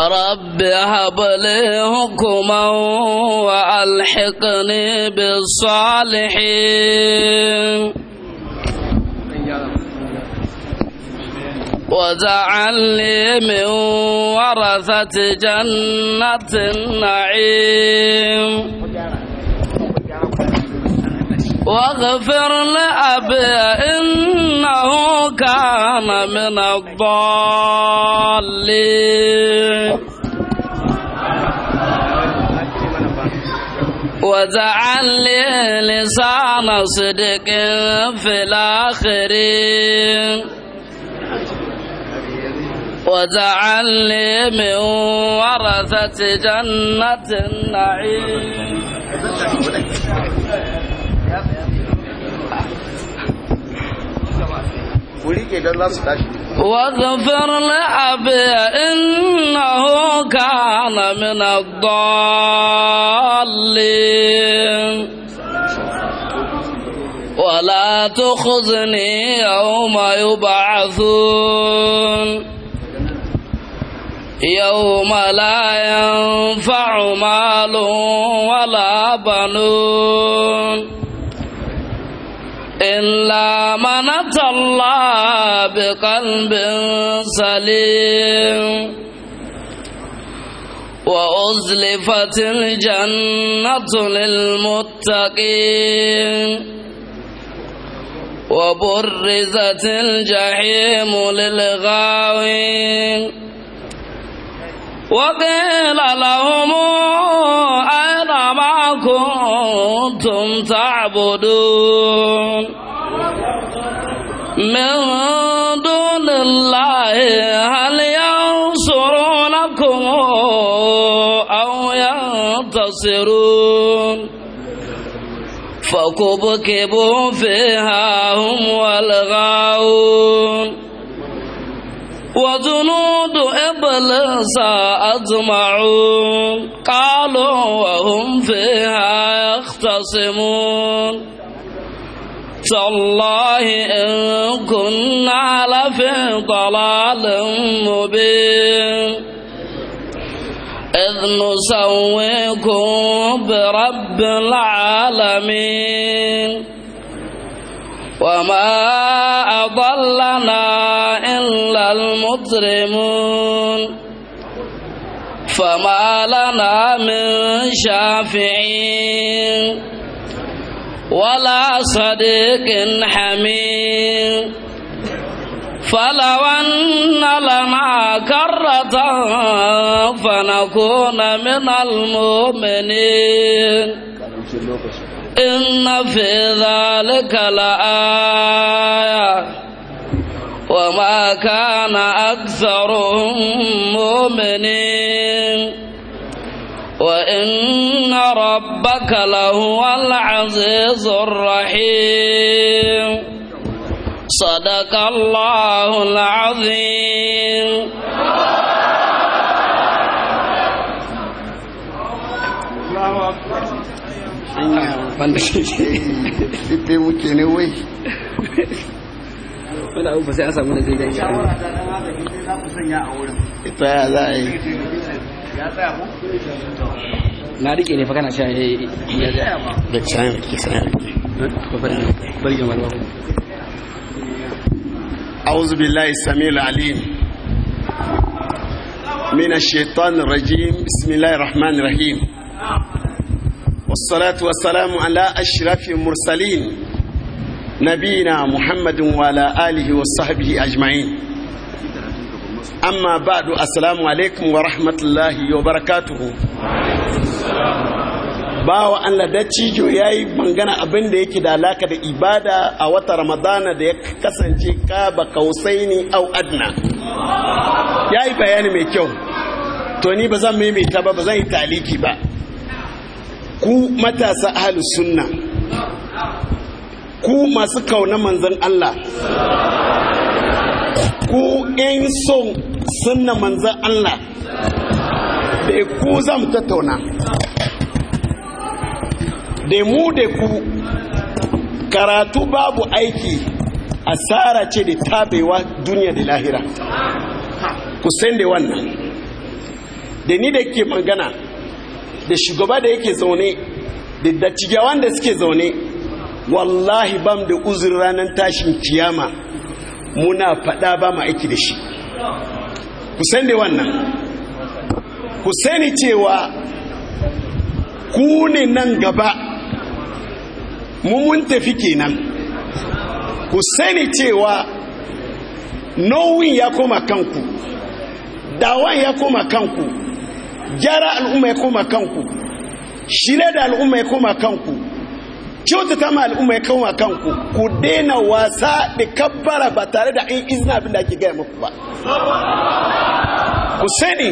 F: رب هب لي حكما والحقني بالصالحين وجعلني من ورثة جنة النعيم واغفر لأبي إنه كان من الضالين واجعل لي لسان صدق في الآخرين واجعل لي من ورثة جنة
D: النعيم
B: ku rike dan za su tashi
F: واغفر لأبي إنه كان من الضالين ولا تخزني يوم يبعثون يوم لا ينفع مال ولا بنون إلا من أتى الله بقلب سليم وأزلفت الجنة للمتقين وبرزت الجحيم للغاوين وقيل لهم كما كنتم تعبدون من دون الله هل ينصرونكم أو ينتصرون فكبكبوا فيها هم والغاوون وجنود إبلس أجمعون قالوا وهم فيها يختصمون تالله إن كنا لفي ضلال مبين إذ نسويكم برب العالمين وما أضلنا إلا المجرمون فما لنا من شافعين ولا صديق حميم فلو أن لنا كرة فنكون من المؤمنين إن في ذلك لآية وما كان أكثرهم مؤمنين وإن ربك لهو العزيز الرحيم صدق الله العظيم
D: الله أكبر
E: banda keke ife muke ne wai wani abu ba sai a samu da zai dace ita ya za a yi na rike ne fa kana cewa eh, eh, eh. ya yi da can bari gama أعوذ بالله السميع العليم من الشيطان الرجيم بسم الله الرحمن الرحيم والصلاة والسلام على أشرف المرسلين نبينا محمد وعلى آله وصحبه أجمعين أما بعد السلام عليكم ورحمة الله وبركاته bawa Allah dattijo ya yi mangana abin da yake da alaka da ibada a wata ramadana da ya kasance kaba ni au adna ya yi bayani mai kyau to ni ba zan maimaita ba ba zan yi taliki ba ku matasa ahalus sunna ku masu kauna manzan Allah ku in son sunna manzan Allah da ku zan tattauna da mu da ku karatu babu aiki asara ce da tabewa duniya da lahira ku san da wannan da ni da ke magana da shugaba da yake zaune da dattijawan da suke zaune wallahi bam da uzur ranar tashin kiyama muna faɗa ba ma aiki da shi ku sani wannan ku sani cewa ku ne nan gaba mun tafi kenan ku sani cewa nauyin ya koma kanku dawan ya koma kanku gyara al'umma ya koma kanku shirya da al'umma ya koma kanku kyautata ma al'umma ya koma kanku ku daina wasa da kabbara ba tare da in izina abin da ake gaya maku ba ku sani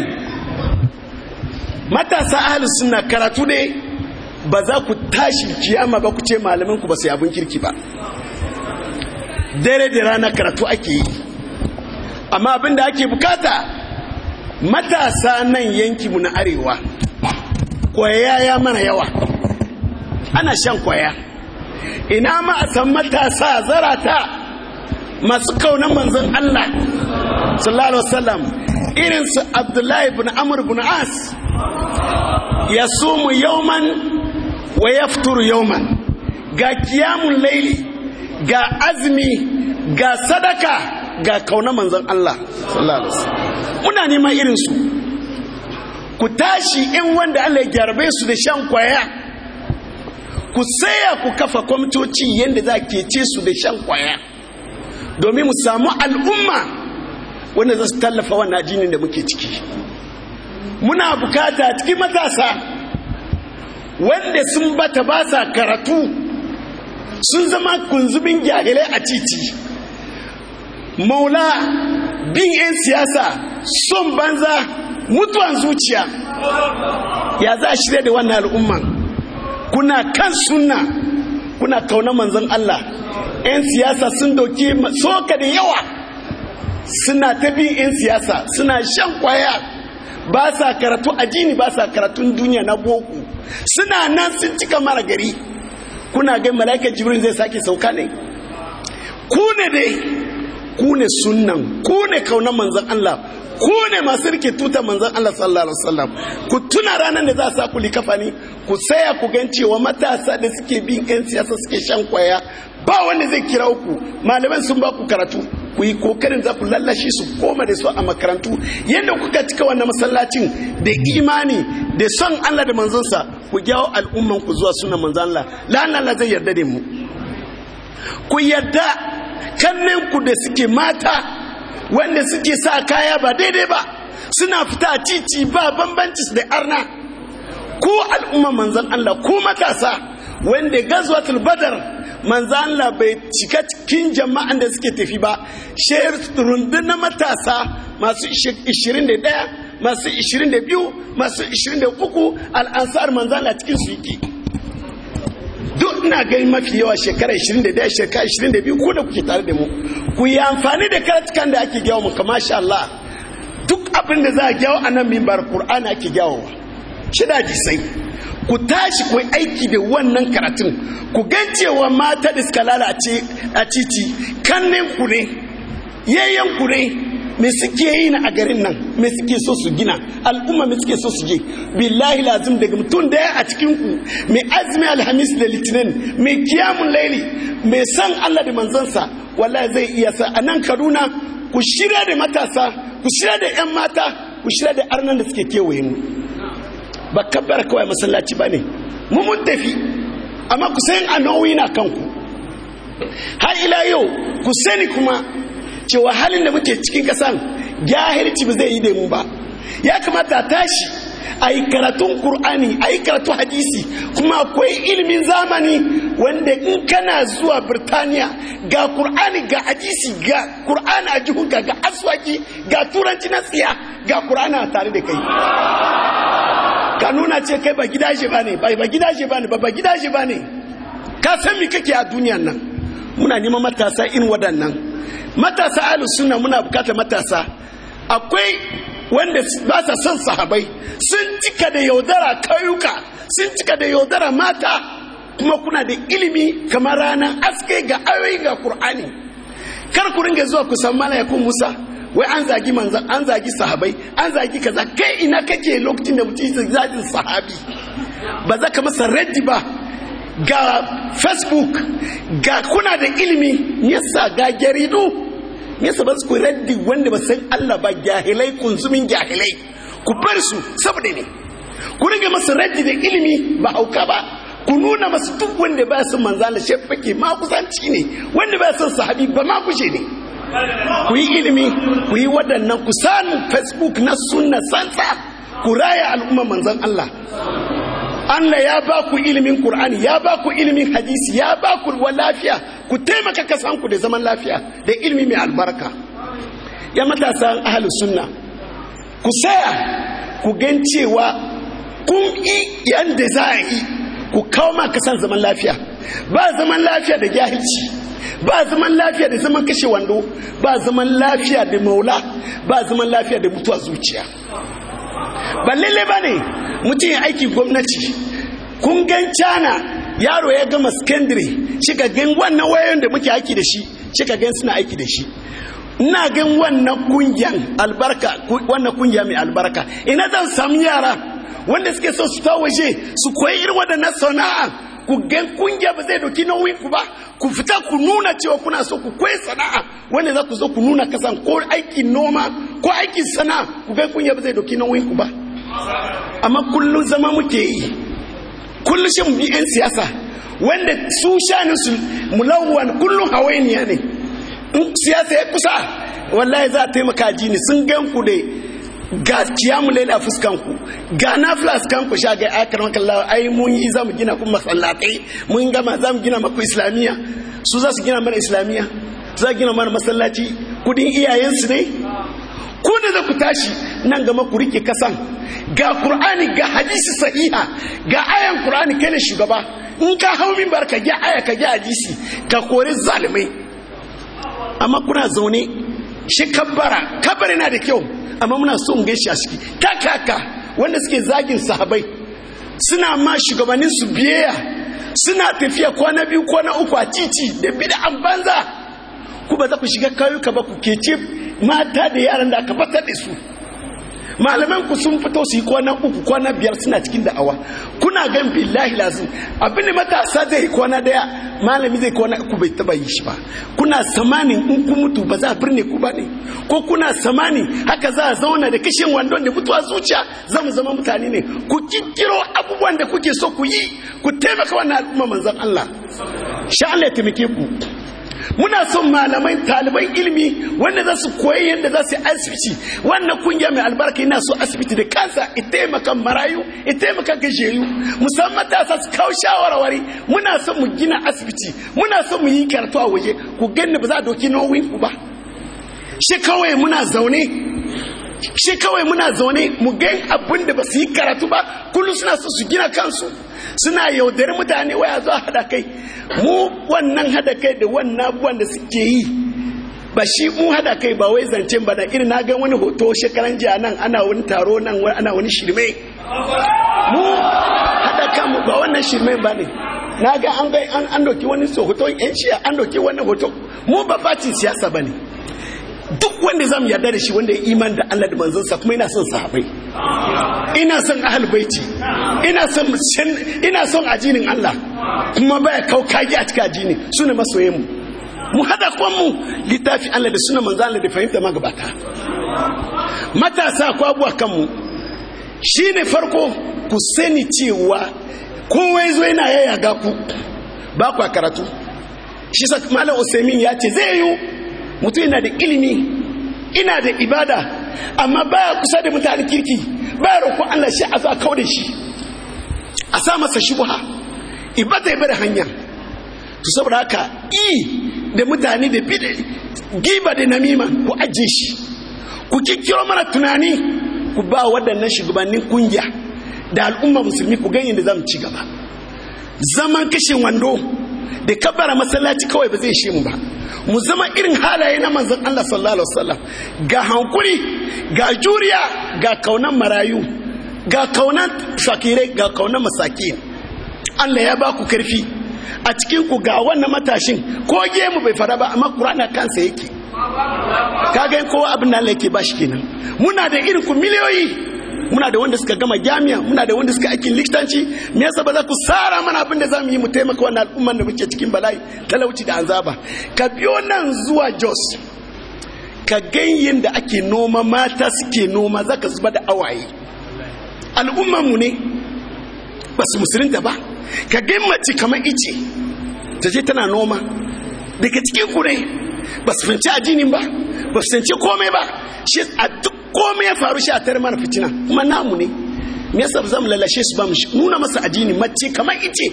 E: matasa ahalus suna karatu ne ba za ku tashi kiyama ba ku ce malamin ku ba su kirki ba dare da rana karatu ake yi amma abin da ake bukata matasa nan yanki mu na arewa kwaya ya mana yawa ana shan kwaya ina ma a san matasa zarata masu kaunan manzon Allah sallallahu alaihi wasallam irin su Abdullahi ibn Amr ibn As sumu yawman wa yafturu yawman ga kiyamun laili ga azmi ga sadaka ga kauna manzan Allah muna neman irinsu ku tashi in wanda Allah ya gyarbe su da shan kwaya ku saya ku kafa kwamtoci yadda za ke ce su da shan kwaya domin mu samu al'umma wanda za su tallafa wannan ajinin da muke ciki muna bukata cikin matasa wanda sun bata ba sa karatu sun zama kunzumin jahilai a titi maula bin 'yan siyasa son banza mutuwan zuciya ya za a shirya da wannan al'umman kuna kan sunna kuna kauna manzon Allah 'yan siyasa sun doki soka da yawa suna ta bin 'yan siyasa suna shan kwaya ba sa karatu addini ba sa karatun duniya na boko suna nan sun cika mara gari kuna ga mala'ikar jibrin zai sake sauka ne ku ne dai Kune ne kune ku kaunan manzan Allah kune ne masu rike tuta manzan Allah sallallahu alaihi wasallam ku tuna ranar da za a sa ku likafani ku saya ku gan cewa matasa da suke bin yan siyasa suke shan kwaya ba wanda zai kira ku malaman sun ba ku karatu ku yi kokarin za ku lallashi su koma da su a makarantu yadda kuka cika wannan masallacin da imani da son Allah da manzonsa ku jawo al'umman ku zuwa sunan manzan Allah la'an Allah zai yarda da mu ku yarda ku da suke mata wanda suke sa kaya ba daidai ba suna fita titi ba bambanci da arna ko al'umma manzan Allah ko matasa wanda gazwatul badar manzan Allah bai cika cikin jama'an da suke tafi ba shehar na matasa masu 21 masu 22 masu 23 al'ansar manzan Allah cikin su yake duk na gani mafi yawa shekara 21 shekara 22 ko da kuke tare da mu ku yi amfani da karatukan da ake gyawo muka masha Allah duk abin da za a gyawo a nan mimbar ake gyawo shi da jisai ku tashi ku aiki da wannan karatun ku gan cewa mata da suka lalace a titi kannin ku ne yayyan ku ne me suke yi na a garin nan me suke so su gina al'umma me suke so su je billahi lazim daga mutum daya a cikin ku me azmi alhamis da litinin me kiyamun laili me san Allah da manzansa wallahi zai iya sa a nan Kaduna ku shirya da matasa ku shirya da yan mata ku shirya da arnan da suke kewaye mu ba kabbar kawai masallaci bane mu mun tafi amma ku san nauyi na kanku har ila yau ku sani kuma cewa halin da muke cikin kasan jahilci ba zai yi demu ba ya kamata tashi a yi karatun kur'ani a yi karatu hadisi kuma akwai ilimin zamani wanda in kana zuwa birtaniya ga kur'ani ga hadisi ga kur'ani a jihunka ga aswaki ga turanci na tsiya ga kur'ani a tare da kai ka nuna ce kai ba gidaje ba ne ba gidaje ba ne ba gidaje ba ne ka san mi kake a duniyan nan muna neman matasa in waɗannan matasa alu suna muna bukatar matasa akwai wanda ba sa son sahabai sun cika da yaudara kayuka sun cika da yaudara mata kuma kuna da ilimi kamar ranar aske ga ayoyi ga Kur'ani. kar ku ringa zuwa ku san mala yakun musa wai an zagi manzan an zagi sahabai an zagi kaza kai ina kake lokacin da mutum zagin sahabi ba za ka masa raddi ba ga facebook ga kuna da ilimi yasa ga jaridu yasa ba su raddi wanda ba san Allah ba jahilai kunzumin jahilai ku bar su saboda ne ku rige masu raddi da ilimi ba hauka ba ku nuna masu duk wanda ba su manzana shafake ma kusanci ne wanda ba san sahabi ba ma kushe ne ku yi ilimi ku yi waɗannan ku sanu facebook na sunna sansa ku raya al'umma manzan Allah Allah ya ba ku ilimin Kur'ani, ya ba ku ilimin hadisi ya ba ku lafiya ku taimaka kasanku da zaman lafiya da ilimi mai albarka ya matasan ahlus sunna ku saya ku gan cewa kun yi yanda za a yi ku kawo ma kasan zaman lafiya ba zaman lafiya da jahilci ba zaman lafiya da zaman kashe wando ba zaman lafiya da maula ba zaman lafiya da mutuwa zuciya ba lalle ba ne mutum ya aiki gwamnati kun gan cana yaro ya gama secondary shi gan wannan wayoyin da muke aiki da shi shi gan suna aiki da shi ina gan wannan kungiyan albarka wannan kungiya mai albarka ina zan samu yara wanda suke so su ta waje su koyi irin waɗannan sana'a kugen gan kungiya ba zai doki nauyin ku ba ku fita ku nuna cewa kuna so ku koyi sana'a wanda za ku zo ku nuna kasan ko aikin noma ko aikin sana'a ku gan kungiya ba zai doki nauyin ku ba amma kullum zama muke yi kullum shi mu yan siyasa wanda su shanin su mulawwan kullum hawainiya ne in siyasa ya kusa wallahi za a taimaka jini sun gan ku dai ga kiyamu laila fuskanku ga nafila fuskanku sha ga akar makallah ai mun yi zamu gina kuma masallatai mun gama zamu gina maku islamiya su za su gina mana islamiya za gina mana masallaci kudin iyayensu ne ku ne za ku tashi nan gama ku rike kasan ga qur'ani ga hadisi sahiha ga ayan qur'ani kai ne shugaba in ka hau min barka ga aya ka ga hadisi ka kore zalimai amma kuna zaune shi kabbara kabbara yana da kyau amma muna son gaishe a ciki kakaka wanda suke zagin sahabai suna ma shugabannin su biyayya suna tafiya ko na biyu ko na uku a titi da an banza ku ba za ku shiga kayuka ba ku kece mata da yaran da aka batar da su malaman ku sun fito su yi kwana uku kwana biyar suna cikin da'awa kuna gan billahi lazim abin da matasa zai yi kwana daya malami zai kwana uku bai taba yi shi ba kuna samani in ku mutu ba za a birne ku ba ne ko kuna samani haka za a zauna da kishin wandon da mutuwa zuciya za mu zama mutane ne ku kikkiro abubuwan da kuke so ku yi ku taimaka wannan al'umma manzan Allah Allah ya taimake ku muna son malamai taliban ilimi wanda za su koyi yadda za su asibiti wannan kungiya mai albarka yana so asibiti da kansa ita taimaka marayu ita taimaka gajeru musamman ta sa su kawo shawarwari muna son mu gina asibiti muna son mu yi karatu a waje ku ganni ba za a doki nauyin ku ba shi kawai muna zaune shi kawai muna zaune mu ga abin da ba su yi karatu ba kullum suna so su gina kansu suna yaudari mutane waya zuwa hada kai mu wannan hada kai da wannan abubuwan da suke yi ba shi mu hada kai ba wai zancen ba da irin na ga wani hoto shekaran jiya nan ana wani taro nan ana wani shirme mu hada mu ba wannan shirme ba ne na ga an doki wani hoton yan ciya an doki wani hoton mu ba fatin siyasa ba ne wanda zamu yarda da shi wanda ya iman da Allah da sa kuma ina son sahabbai ina son ahlul baiti ina son ina son ajinin Allah kuma baya kaukaki a cikin ajini sune masoyen mu mu hada kwan mu littafi Allah da suna manzon Allah da fahimta magabata matasa ko abuwa kanmu shine farko ku sani cewa kowa yazo yana yayyaga ku ba ku karatu shi sa malam Usaimin ya ce zai yi mutum yana da ilimi ina da ibada amma baya kusa da mutane kirki baya roƙon Allah shi a zuwa kawo da shi a sa masa shubha ibada ya bada hanya to saboda haka i da mutane da bi giba da namima ku ajiye shi ku kikkiro mana tunani ku ba waɗannan shugabannin kungiya da al'umma musulmi ku ganyen da zamu ci gaba zaman kashin wando da kabbara masallaci kawai ba zai shi mu ba mu zama irin halaye na manzon Allah sallallahu alaihi wasallam ga hankuri ga juriya ga kaunan marayu ga kaunan shakirai ga kaunan masakin Allah ya ba ku karfi a cikin ku ga wannan matashin ko gemu bai fara ba amma Qur'ana kansa yake kaga kowa abin da Allah yake ba shi kenan muna da irin ku miliyoyi muna da wanda suka gama jami'a muna da wanda suka aikin likitanci me yasa ba za ku sara mana abin da zamu yi mu taimaka wannan al'umman da muke cikin bala'i talauci da anzaba ka biyo nan zuwa Jos ka ganyen da ake noma mata suke noma zaka zuba da awaye al'umman mu ne ba su musulunta ba ka ga mace kamar ice ta je tana noma daga cikin kure ba su fahimci addinin ba ba su komai ba shi a duk komai ya faru shi a tare mana fitina kuma namu ne me yasa ba zamu lalashe su ba mu nuna masa addini mace kamar ice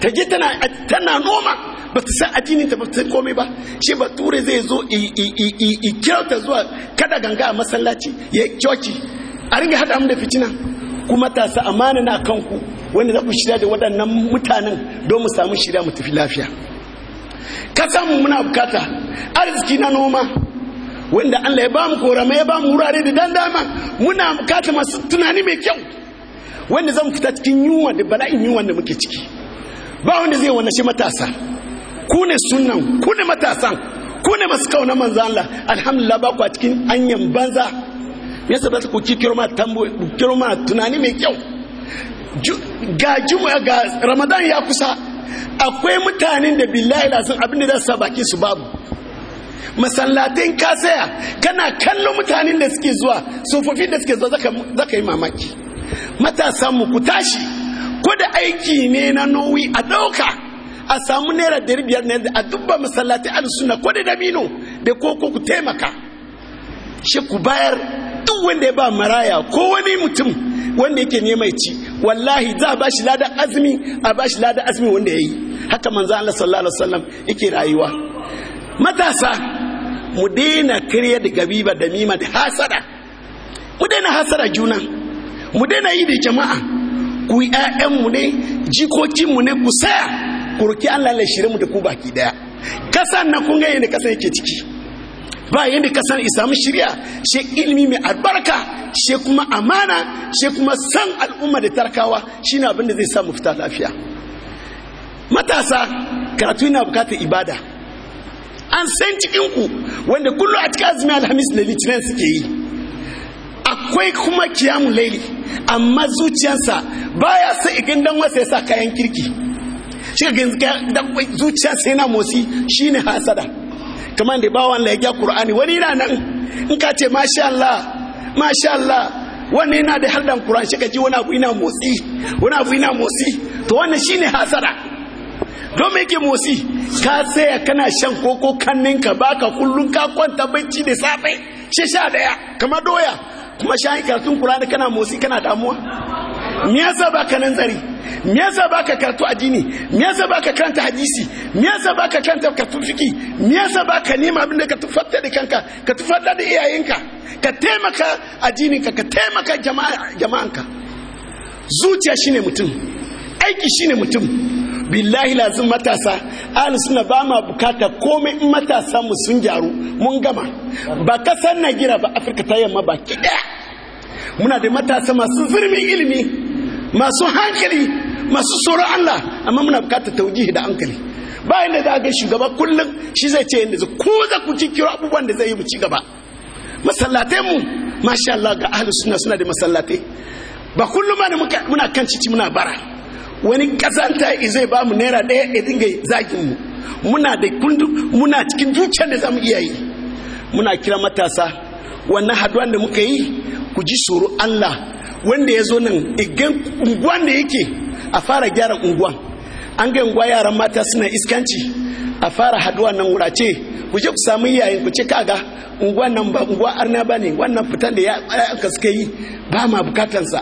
E: ta je tana tana noma ba ta san addinin ta ba ta komai ba shi ba ture zai zo i kyauta zuwa kada ganga a masallaci ya coci a ringa hada mu da fitina kuma ta sa amana na kanku wanda za ku shirya da waɗannan mutanen don mu samu shirya mu tafi lafiya kasan muna bukata arziki na noma wanda Allah ya ba mu korama ya ba mu wurare da dan dama muna kata masu tunani mai kyau wanda zan fita cikin yunwa da bala'in yunwa da muke ciki ba wanda zai shi matasa ku ne sunan ku ne matasan ku ne masu kauna manzan Allah alhamdulillah ba ku a cikin anyan banza me yasa ba ku kiro ma tambo kiro ma tunani mai kyau ga juma'a ga ramadan ya kusa akwai mutanen da billahi lazim abin da za su sa baki su babu masallatin ka saya kana kallon mutanen da suke zuwa tsofaffin da suke zuwa zaka yi mamaki matasan mu ku tashi ko da aiki ne na nowi a ɗauka a samu naira dari biyar naira a dubba masallati al sunna ko da dabino da koko ku taimaka shi ku bayar duk wanda ya ba maraya ko wani mutum wanda yake nema ci wallahi za a bashi ladan azumi a bashi ladan azumi wanda ya yi haka manzo Allah sallallahu alaihi wasallam yake rayuwa matasa mu daina kirya da gabiba da mima da hasara mu daina hasada juna mu daina yi da jama'a ku mu ne jikokinmu ne ku saya ku roki Allah ya shirye mu da ku baki daya kasan na kun ga yadda kasan yake ciki ba yadda kasan isamu shirya she ilimi mai albarka she kuma amana she kuma san al'umma da tarkawa shine abin da zai sa mu fita lafiya matasa karatu yana bukatar ibada an san cikinku wanda kullum a cikin azumi alhamis da litinin suke yi akwai kuma kiyamu laili amma zuciyarsa baya sa igin dan wasa ya sa kayan kirki shi ga zuciyarsa yana motsi shine hasada kamar da bawan la ya qur'ani wani na nan in ka ce masha Allah masha Allah wani yana da hardan qur'ani shi kaji wani abu ina motsi wani abu ina motsi to wannan shine hasara don me yake motsi ka tsaya kana shan koko kanninka baka kullum ka kwanta bacci da safe shi sha daya kama doya kuma sha yi karatun kurani kana motsi kana damuwa me yasa baka nan zari me yasa baka karatu addini me yasa baka karanta hadisi me yasa baka karanta karatu fiki me yasa baka nema abin da ka tufatta da kanka ka tufatta da iyayenka ka taimaka addininka ka taimaka jama'anka zuciya shine mutum aiki shine mutum billahi lazim matasa ahli suna ba ma bukata komai in matasa mu sun gyaru mun gama ba kasar najira ba afirka ta yamma ba kida muna da matasa masu zurmin ilimi masu hankali masu tsoron allah amma muna bukata taujihi da hankali ba da za a ga shugaba kullum shi zai ce yadda ko za ku kiro abubuwan da zai yi mu ci gaba masallatai mu masha allah ga ahli suna suna da masallatai ba kullum ba muna kan cici muna bara wani kasanta zai ba mu naira ɗaya ya dinga zagin mu muna da kundu muna cikin zuciyar da zamu iya yi muna kira matasa wannan haduwan da muka yi ku ji tsoro Allah wanda ya zo nan igan unguwan da yake a fara gyara unguwan an ga unguwa yaran mata suna iskanci a fara haduwa nan wurace ku je ku samu iyayen ku ce kaga wannan ba unguwa arna ba ne wannan fitan da ya aka suka yi ba ma bukatansa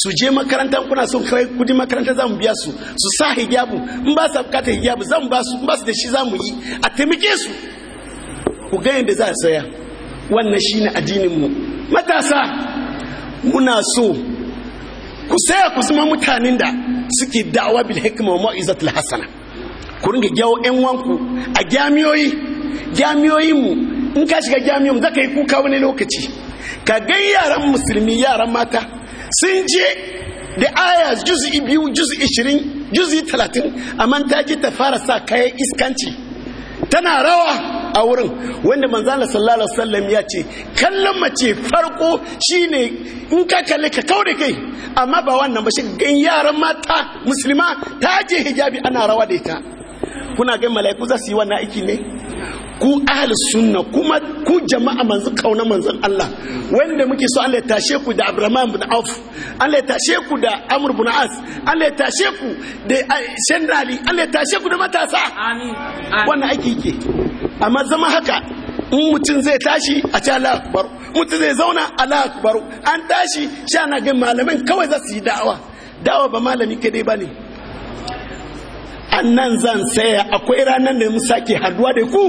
E: su je makaranta kuna son kai kudi makaranta zamu biya su su sa hijabu in ba sa bukatar hijabu zamu ba su in ba su da shi zamu yi a taimake su ku ga yadda za a saya wannan shine addinin mu matasa muna so ku saya ku zama mutanen da suke da'awa bil hikma wa ma'izatul hasana ku ringa gyawo 'yan wanku a jami'oyi jami'oyinmu in ka shiga jami'o za ka yi kuka wani lokaci ka gan yaran musulmi yaran mata sun je da aya juzi biyu juzi ishirin juzi talatin amma ta ji ta fara sa kayan iskanci tana rawa a wurin wanda manzana sallallahu alaihi ya ce kallon mace farko shine in ka kalle ka kaure kai amma ba wannan mashi gan yaran mata musulma ta je hijabi ana rawa da ita kuna gan mala'iku za su yi wannan aiki ne ku ahli sunna kuma ku jama'a manzo kauna manzon Allah wanda muke so Allah ya tashe ku da Abraham bin Auf Allah ya tashe ku da Amr bin As Allah ya tashe ku da eh, Shendali Allah ya tashe ku da matasa amin wannan aiki yake amma zama haka in mutum zai tashi a ce Allah akbar mutum zai zauna Allah akbar an tashi sha na ga malamin kawai za su yi da'awa da'awa ba malami dai bane annan zan saya akwai ranar da mu sake haduwa da ku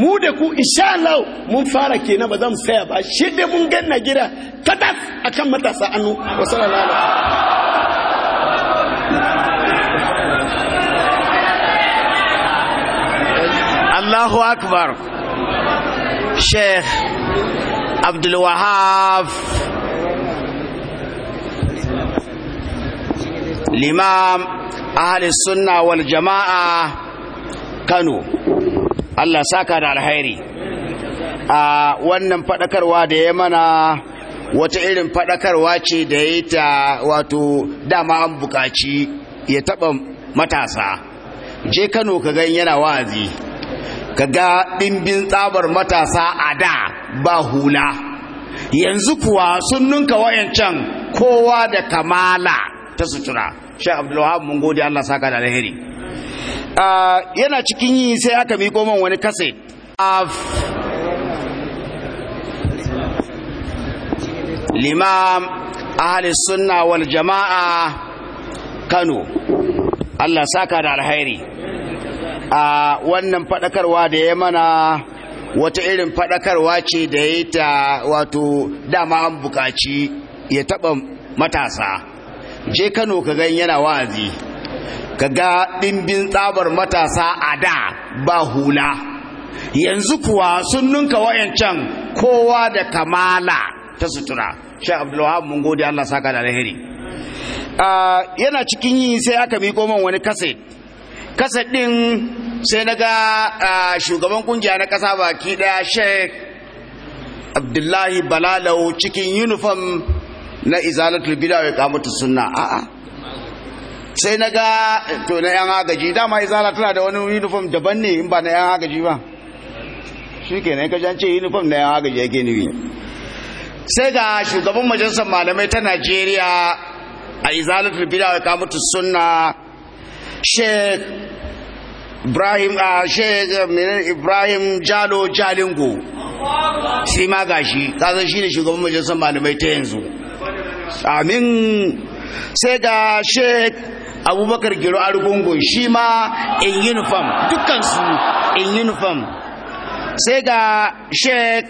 E: mu da ku insha Allah mun fara kenan ba zan saya ba shi da mun ganna gida kadas akan matasa annu wa
B: sallallahu alaihi Allahu Akbar Sheikh Abdul Wahab Limam ahalis sunna wal jama'a kano allah saka da alhairi a wannan faɗakarwa da ya mana wata irin faɗakarwa ce da ya ta wato dama an bukaci ya taɓa matasa je kano ka gan yana wa'azi ka ga ɗimbin tsabar matasa a da ba hula yanzu kuwa sun nunka wayancan kowa da kamala ta sutura Sheikh abdulwahab Wahab mun gode Allah saka da alheri ah, yana cikin yi sai aka miko min wani kase limam ahalis sunna wal jama'a Kano Allah saka da alheri a ah, wannan fadakarwa da ya mana wata irin fadakarwa ce da ya ta wato dama an bukaci ya taba matasa je kano ka gan yana wa'azi ka ga ɗimbin tsabar matasa a da ba hula yanzu kuwa sun ninka wayancan kowa da kamala ta sutura shi Abdullahi, mun gode allah saka da alheri ah, yana cikin yi sai aka miko man wani kaset kaset ɗin sai na ga ah, shugaban kungiya na ƙasa baki ɗaya sheik abdullahi balalau cikin uniform na izalatul bid'a wa iqamatus sunna a'a sai na ga to na yan agaji dama izala tana da wani uniform daban ne in ba na yan agaji ba shikenan ka jance uniform na yan agaji yake ne sai ga shugaban majalisar malamai ta Najeriya a izalatul bid'a wa iqamatus sunna Sheikh Ibrahim a Sheikh eh, Ibrahim Jalo Jalingo shi ma gashi kaza shine shugaban majalisar malamai ta yanzu amin sai ga sheik abubakar giro argungun shi ma in uniform dukansu in uniform sai ga sheik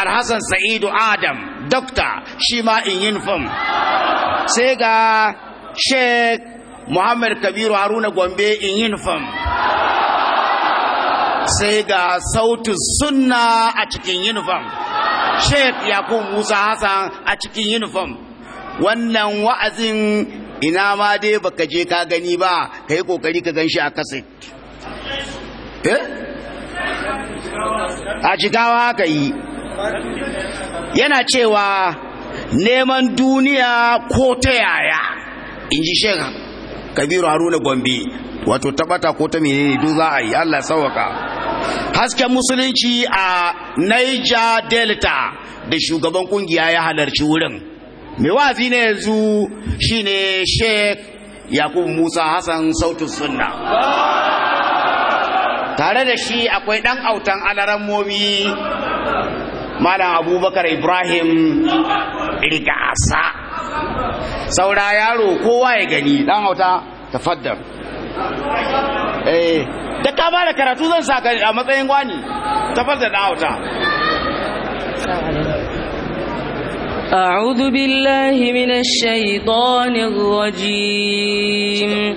B: alhassan sa'idu adam dokta shi ma in uniform sai ga sheik muhammad kabiru haruna gombe in uniform sai ga sautu sunna a cikin uniform sheik yakub musa hassan a cikin uniform wannan wa'azin ina ma dai baka je ka gani ba ka yi kokari ka gan shi a kaset eh? a cikawa haka yi yana cewa neman duniya ko ta yaya in ji shekha kabiru haruna gombe wato tabata ko ta menene duk za a yi allah sauwaka hasken musulunci a niger delta da shugaban kungiya ya halarci wurin mai wazi ne yanzu shi ne sheikh yakubu musa hassan sautin sunna tare da shi akwai dan autan alaran momi malam abubakar ibrahim rigasa saura yaro kowa ya gani dan auta tafaddar eh da ka ba da karatu zan sa a matsayin gwani tafaddar dan auta أعوذ بالله من
G: الشيطان الرجيم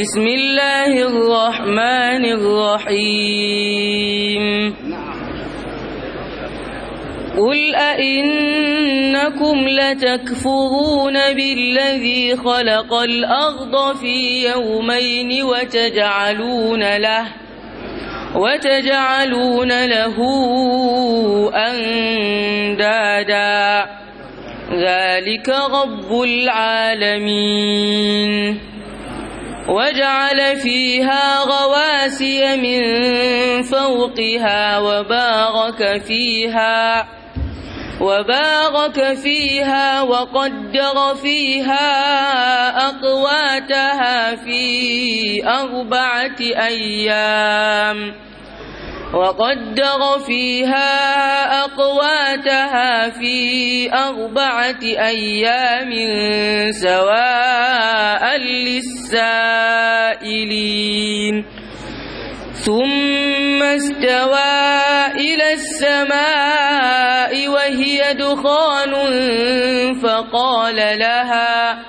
G: بسم الله الرحمن الرحيم قل أئنكم لتكفرون بالذي خلق الأرض في يومين وتجعلون له وتجعلون له أندادا ذلك رب العالمين وجعل فيها رواسي من فوقها وبارك فيها وبارك فيها وقدر فيها أقواتها في أربعة أيام وقدر فيها أقواتها في أربعة أيام سواء للسائلين ثم استوى إلى السماء وهي دخان فقال لها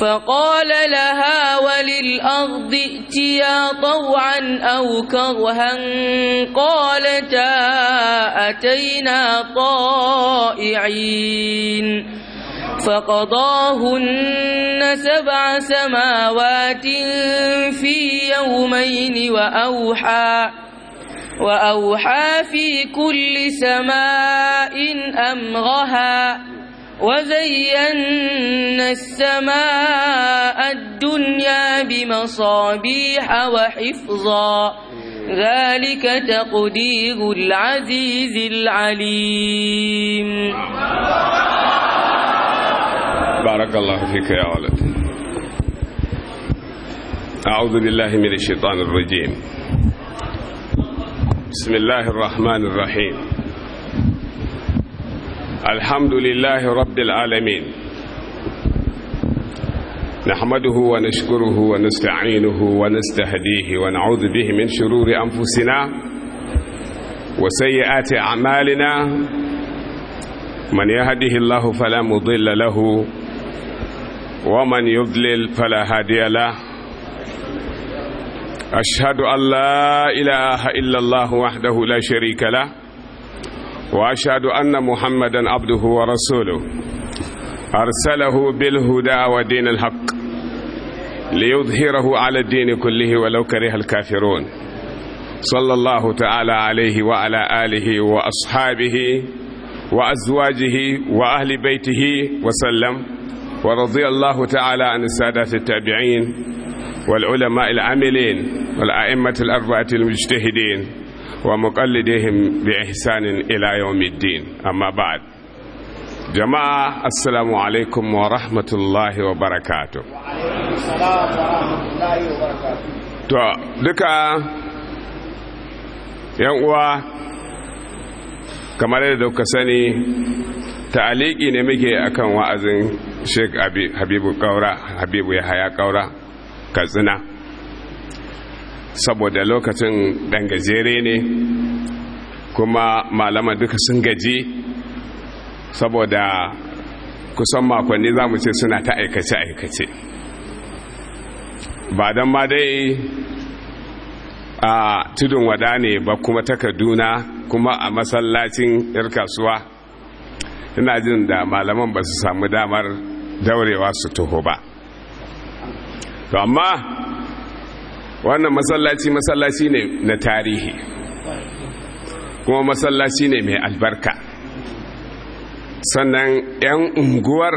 G: فقال لها وللأرض ائتيا طوعا أو كرها قالتا أتينا طائعين فقضاهن سبع سماوات في يومين وأوحى وأوحى في كل سماء أمرها وزينا السماء الدنيا بمصابيح وحفظا ذلك تقدير العزيز العليم
H: بارك الله فيك يا ولد أعوذ بالله من الشيطان الرجيم بسم الله الرحمن الرحيم الحمد لله رب العالمين نحمده ونشكره ونستعينه ونستهديه ونعوذ به من شرور أنفسنا وسيئات أعمالنا من يهده الله فلا مضل له ومن يضلل فلا هادي له أشهد أن لا إله إلا الله وحده لا شريك له وأشهد أن محمدا عبده ورسوله أرسله بالهدى ودين الحق ليظهره على الدين كله ولو كره الكافرون صلى الله تعالى عليه وعلى آله وأصحابه وأزواجه وأهل بيته وسلم ورضي الله تعالى عن السادة التابعين والعلماء العاملين والأئمة الأربعة المجتهدين ومقلدهم بإحسان إلى يوم الدين أما بعد jama'a assalamu alaikum wa rahmatullahi wa barakatu to duka yan uwa kamar yadda kuka sani ta'aliki ne muke akan wa'azin Sheikh Habibu Kaura Habibu Yahaya Kaura Katsina saboda lokacin dan gajere ne kuma malama duka sun gaji saboda kusan makonni za mu ce suna ta aikace-aikace ba don ma dai a tudun wada ne ba kuma ta kaduna kuma a masallacin 'yar kasuwa ina jin da malaman ba su samu damar daurewa su taho ba to amma wannan masallaci masallaci ne na tarihi kuma masallaci ne mai albarka sannan 'yan unguwar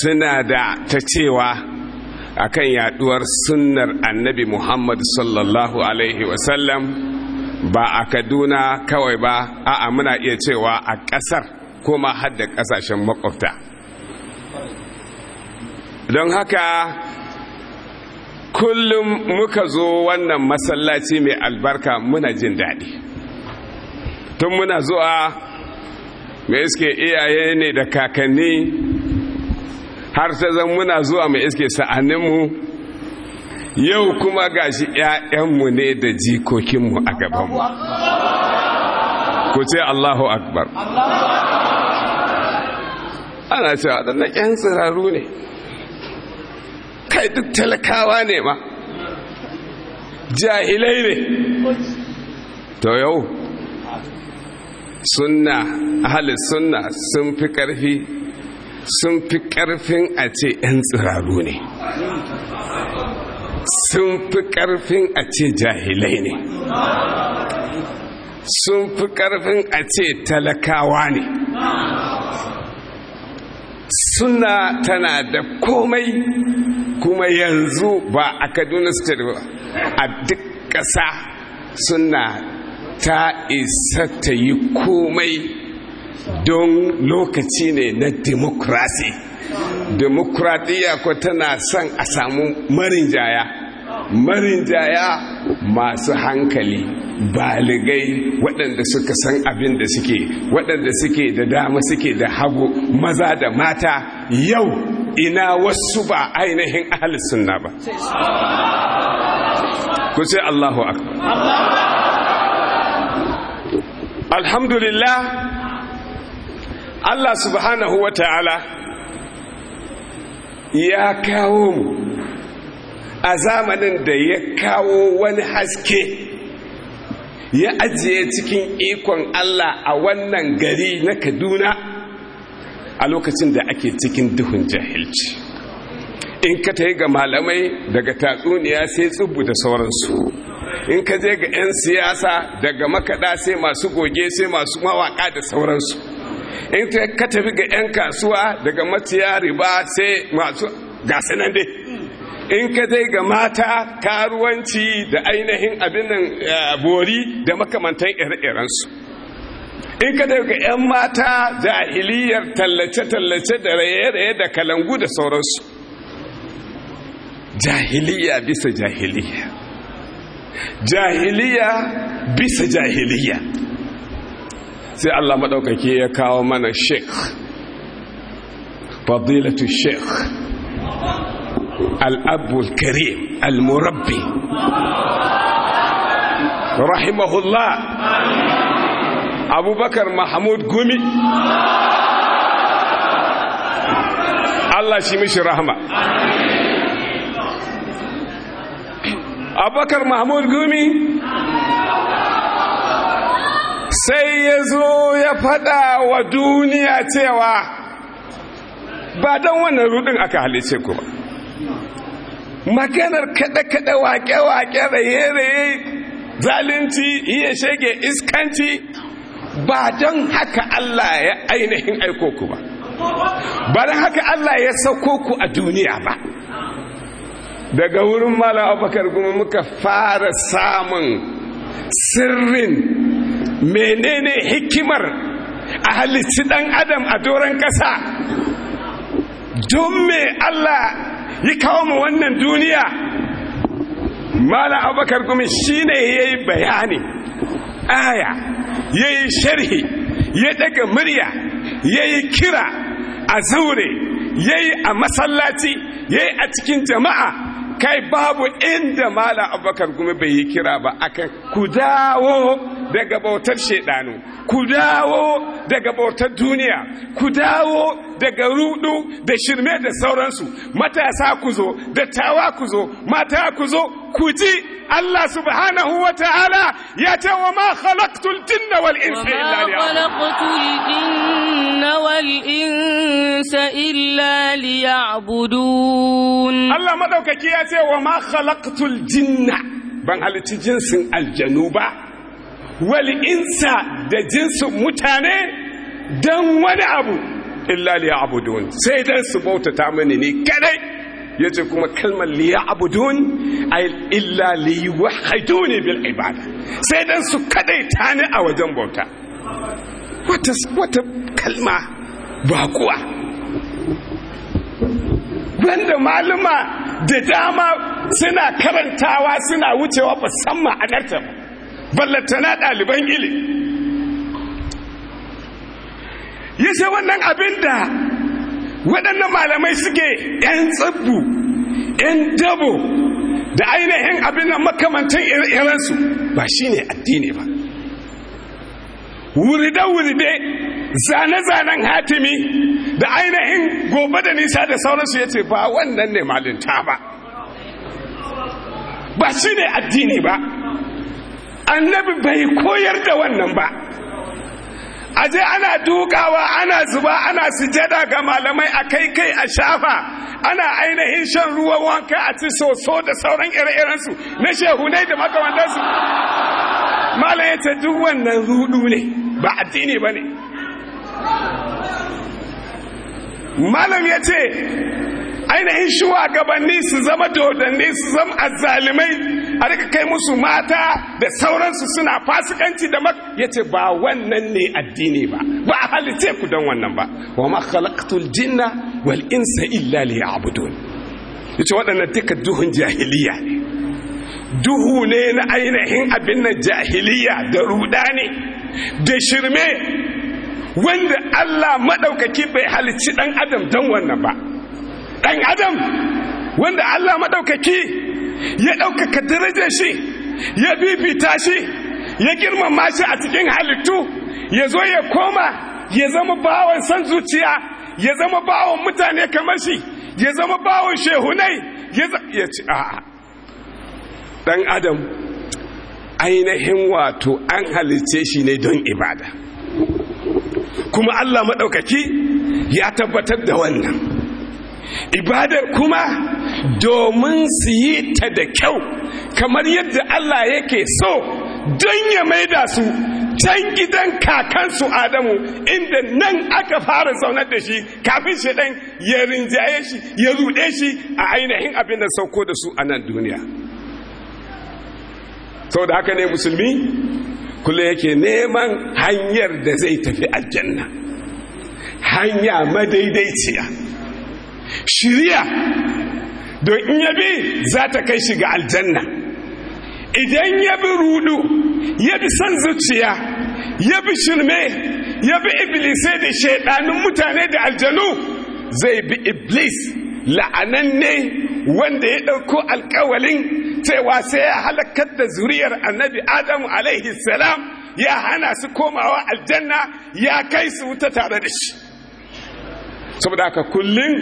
H: suna da ta cewa a kan yaduwar sunnar annabi muhammad sallallahu alaihi wasallam ba a kaduna kawai ba a'a muna iya cewa a ƙasar kuma hadda ƙasashen makwabta don haka kullum muka zo wannan masallaci mai albarka muna jin daɗi tun muna zuwa mai iske iyaye ne da kakanni har ta zan muna zuwa mai iske sa'aninmu yau kuma gashi 'ya'yanmu ne da jikokinmu a gabanmu ku ce allahu akbar ana cewa waɗannan 'yan tsiraru ne kai duk talakawa ne ma jahilai ne to yau sunna ahalin sunna sun fi karfi sun fi ƙarfin a ce 'yan tsiraru ne sun fi ƙarfin a ce jahilai ne sun fi ƙarfin a ce talakawa ne suna tana da komai kuma yanzu ba a kaduna state ba a duk ƙasa suna ta isa ta yi komai don lokaci ne na demokrasi demokradiyya ko tana son a samu marinjaya marinjaya masu hankali baligai waɗanda suka san abin da suke waɗanda suke da dama suke da hagu maza da mata yau ina wasu ba ainihin ahalus sunna ba ku sai allahu
D: akbar
H: alhamdulillah Allah subhanahu wa ta'ala ya kawo mu a zamanin da ya kawo wani haske ya ajiye cikin ikon Allah a wannan gari na Kaduna a lokacin da ake cikin duhun jahilci in ka ta yi ga malamai daga tatsuniya sai tsubu da sauransu in ka je ga 'yan siyasa daga makaɗa sai masu goge sai masu mawaƙa da sauransu in ka tafi ga 'yan kasuwa daga matiya riba sai masu gasanan dai in ka je ga mata karuwanci da ainihin abin eh, bori da makamantan ire-irensu in ka daga 'yan mata jahiliyar tallace-tallace da raye-raye da kalangu da sauransu jahiliya bisa jahiliya jahiliya bisa jahiliya sai Allah maɗaukaki ya kawo mana sheikh fadilatu sheikh al'abul karim al-murabbi rahimahullah abubakar mahmud gumi Allah shi mishi rahama abubakar mahmud gumi sai ya zo ya faɗa wa duniya cewa ba don wannan rudin aka halice ku ba maganar kaɗe-kaɗe waƙe-waƙe raye-raye zalunci iya shege iskanci ba don haka Allah ya ainihin aiko ku ba ba don haka Allah ya sauko ku a duniya ba daga wurin malam Abakar kuma muka fara samun sirrin menene hikimar a halittu dan adam a doron ƙasa don me allah yi kawo mu wannan duniya malam Abakar kuma shine ya yi bayani aya ya yi sharhi ya daga murya ya yi kira a zaure ya yi a masallaci ya yi a cikin jama'a kai babu inda mala abubakar gumi bai yi kira ba akan ku dawo daga bautar shaidanu ku dawo daga bautar duniya ku dawo daga rudu da shirme da sauransu matasa ku zo dattawa ku zo mata ku zo ku ji Allah subhanahu wa ta'ala ya ce wa ma khalaqtul jinna wal insa illa
G: liya'budun
H: wal insa illa liya'budun Allah madaukaki ya ce wa ma khalaqtul jinna ban halicci jinsin aljanu ba Wali insa da jinsin mutane don wani abu illa liya abudun sai dan su bautata mani ne kadai ya ce kuma kalmar liya abudun illa liyi wahaduni bil ibada sai dan su kadai ta ne a wajen bauta wata kalma bakuwa banda maluma da dama suna karantawa suna wucewa musamman a nartar ballatana ɗaliban ili ya ce wannan abin da waɗannan malamai suke 'yan tsabbu 'yan dabo da ainihin abin da makamantan irinsu ba shi ne addini ba wuride-wuride zane-zanen hatimi da ainihin gobe da nisa da sauransu ya ce ba wannan ne malinta ba ba shi ne addini ba annabi bai koyar da wannan ba aje ana dukawa ana zuba ana sujada ga malamai a kai kai a shafa ana ainihin shan ruwan wanka a ci soso da sauran ire-irensu na shehunai da makamantansu malam ya ce duk wannan rudu ne ba addini ba ne malam ya ce ainihin shugabanni su zama dodanni su zama azzalimai a rika kai musu mata da sauransu suna fasikanci da mak ya ce ba wannan ne addini ba ba a halice ku don wannan ba wa ma jinna wal insa illa Ya yace waɗannan duka duhun jahiliya ne duhu ne na ainihin abin na jahiliya da rudani da shirme wanda Allah madaukaki bai halicci dan adam dan wannan ba ɗan adam wanda Allah maɗaukaki ya ɗaukaka darajar shi ya bibita shi ya girmama shi a cikin halittu ya zo ya koma ya zama bawan san zuciya ya zama bawan mutane kamar shi ya zama bawan shehunai ya ci a ɗan adam ainihin wato an halice shi ne don ibada kuma Allah maɗaukaki ya tabbatar da wannan ibadar kuma domin su yi ta da kyau kamar yadda Allah yake so don ya maida su can gidan kakansu Adamu inda nan aka fara zaunar da shi kafin shi ɗan ya rinjaye shi ya ruɗe shi a ainihin abin da sauko da su a nan duniya sau da haka ne musulmi kula yake neman hanyar da zai tafi aljanna hanya madaidaiciya shiriya don in ya bi za ta kai shi ga aljanna idan ya bi rudu ya bi san zuciya ya bi shirme ya bi iblisai da shaidanin mutane da aljanu zai bi iblis la'ananne wanda ya ɗauko alkawalin cewa sai ya halakar da zuriyar annabi adamu alaihi salam ya hana su komawa aljanna ya kai su wuta tare da shi saboda haka kullum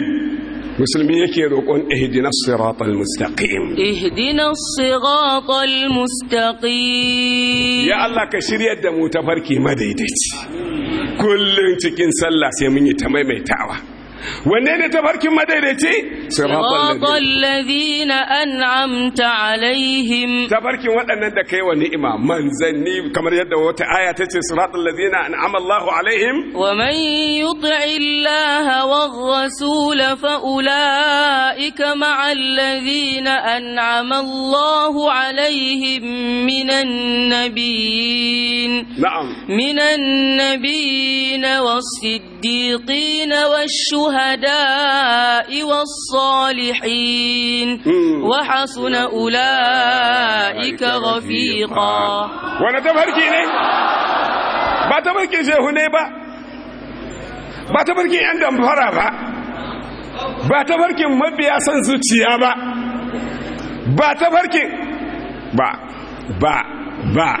H: musulmi yake roƙon ihdinas siratal mustaqim ihdinas
G: siratal mustaqim ya
H: Allah ka shiryar da mu farki madaidaici kullun cikin sallah sai mun yi ta maimaitawa wanne ne tafarkin madaidaici siratal
G: ladina an'amta alaihim
H: tafarkin waɗannan da kai wa ni'ima manzanni kamar yadda wata aya tace siratal ladina an'ama Allahu alaihim wa man
G: yuti Allah wa ar-rasul fa ulaika ma'a alladhina an'ama Allahu alaihim minan nabiyyin na'am minan nabiyyin was-siddiqin wash الشهداء والصالحين وحسن
H: أولئك غفيقا وانا تبركي لي إيه؟ با تبركي سيهو نيبا با تبركي عندهم فرابا با تبركي مبيا سنسو تيابا با تبركي با با با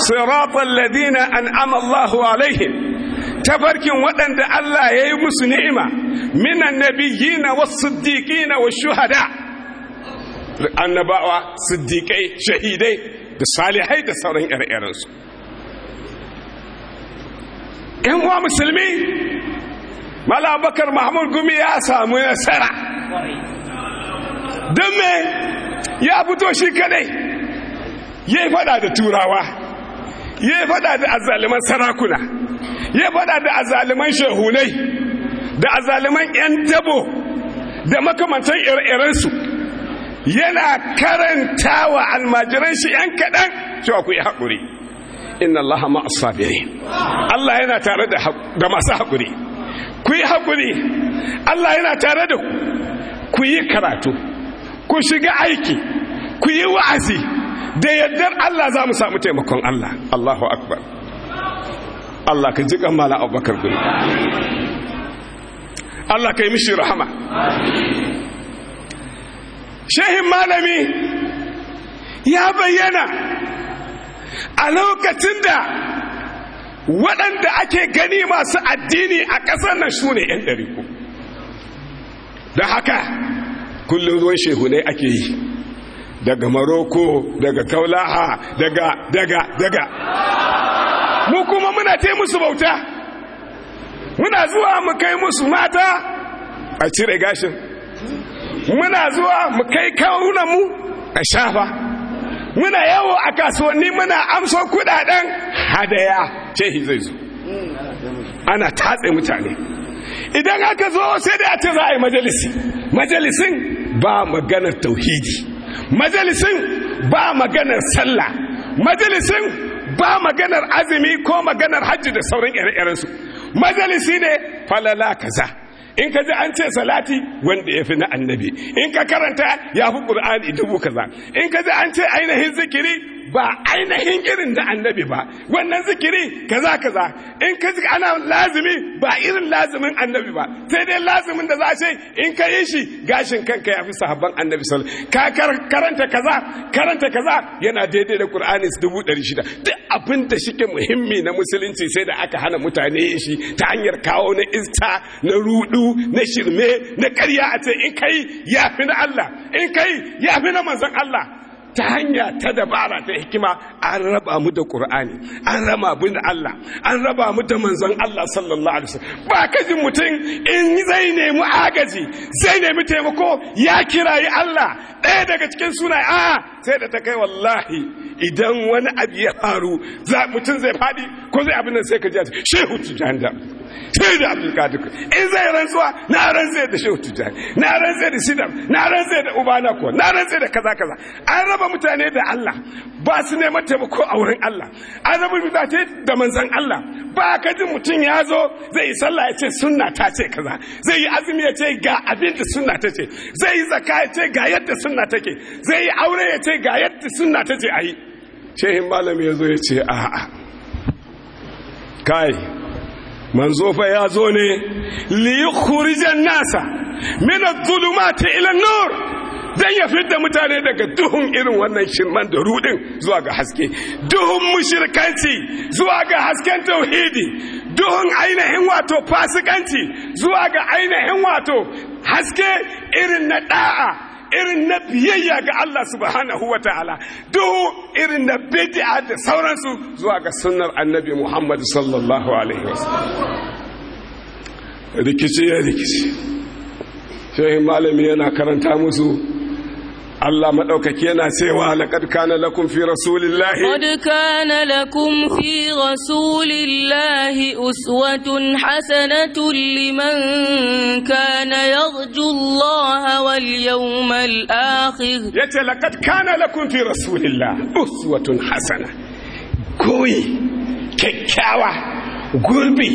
H: صراط الذين أنعم الله عليهم tafarkin waɗanda Allah ya yi musu ni'ima minan nabiyina was na was shuhada annabawa siddiqai shahidai da salihai da sauran ire su ƴan uwa musulmi malabakar bakar mahmud gumi ya samu nasara don me ya fito shi kadai ya yi fada da turawa ya fada da azaliman sarakuna ya fada da azaliman shehunai da azaliman 'yan tabo da makamantan ire-irensu yana karanta wa almajiran shi 'yan kaɗan cewa ku yi haƙuri inna allaha ma'as sabirin Allah yana tare da masu haƙuri ku yi haƙuri Allah yana tare da ku ku yi karatu ku shiga aiki ku yi wa'azi da yardar Allah za mu samu taimakon Allah Allahu akbar Allah ka jikan mala abubakar gumi Allah ka yi mishi rahama shehin malami ya bayyana a lokacin da waɗanda ake gani masu addini a ƙasar nan su ne 'yan ku. da haka kullum ruwan shehu ne ake yi daga maroko daga Taulaha, daga daga daga mu kuma muna te musu bauta muna zuwa mu kai musu mata a cire gashin muna zuwa mu kai mu a shafa muna yawo a kasuwanni muna amso kudaden hadaya hi zai zo ana tatse mutane idan aka zo sai da a za a yi majalisi majalisin ba maganar tauhidi majalisin ba maganar sallah majalisin ba maganar azumi ko maganar hajji da sauran ire-irensu majalisi ne falala kaza in ka ji an ce salati wanda ya fi na annabi in ka karanta ya fi ƙur'ani dubu kaza in ka ji an ce ainihin zikiri ba ainihin irin da annabi ba wannan zikiri kaza kaza in ka ana lazimi ba irin lazimin annabi ba sai dai lazimin da za a ce in ka yi shi gashin kanka ya fi sahabban annabi sal ka karanta kaza karanta kaza yana daidai da qur'ani dubu ɗari shida duk abin da shike muhimmi na musulunci sai da aka hana mutane shi ta hanyar kawo na ista na rudu na shirme na karya a ce in yi ya fi na Allah in kai ya fi na manzon Allah ta hanya ta dabara ta hikima an raba mu da qur'ani an raba mu da Allah an raba mu da manzon Allah sallallahu alaihi wasallam ba ka ji mutum in zai nemi agaji zai nemi taimako ya kirayi Allah ɗaya daga cikin suna a ah, sai da ta kai wallahi idan wani abu ya faru mutum zai faɗi ko zai abin nan sai ka ji shehu tujanda sai da abdulkadir in zai rantsuwa na rantsa da shehu tijjani na rantsa da sidam na rantsa da ubana ko na rantsa da kaza kaza an raba mutane da Allah ba su neman taimako a wurin Allah an raba mutane da manzon Allah ba ka ji mutum ya zo zai yi sallah ya ce sunna ta ce kaza zai yi azumi ya ce ga abin da sunna ta ce zai yi zakka ya ce ga yadda sunna take zai yi aure ya ce ga yadda sunna ta ce ayi shehin malami ya zo ya ce a'a kai manzo fa ya zo ne li nasa min adh-dhulumati ila an-nur dan ya fitta mutane daga duhun irin wannan shirman da rudin zuwa ga haske duhun mushrikanci zuwa ga hasken tauhidi duhun ainihin wato fasikanci zuwa ga ainihin wato haske irin na da'a irin na biyayya ga Allah subhanahu wa ta'ala duk irin na bidi'a da sauransu zuwa ga sunar annabi Muhammad sallallahu alaihi wasallam rikici ya rikici shehin malami yana karanta musu Allah maɗaukaki yana cewa laƙad kana lakum fi rasulillahi Qad
G: kana lakum fi rasulillahi uswatun hasanatun liman kana yarju Allah wal yawmal
H: akhir Yace laƙad kana lakum fi rasulillahi uswatun hasana koyi kyakkyawa gurbi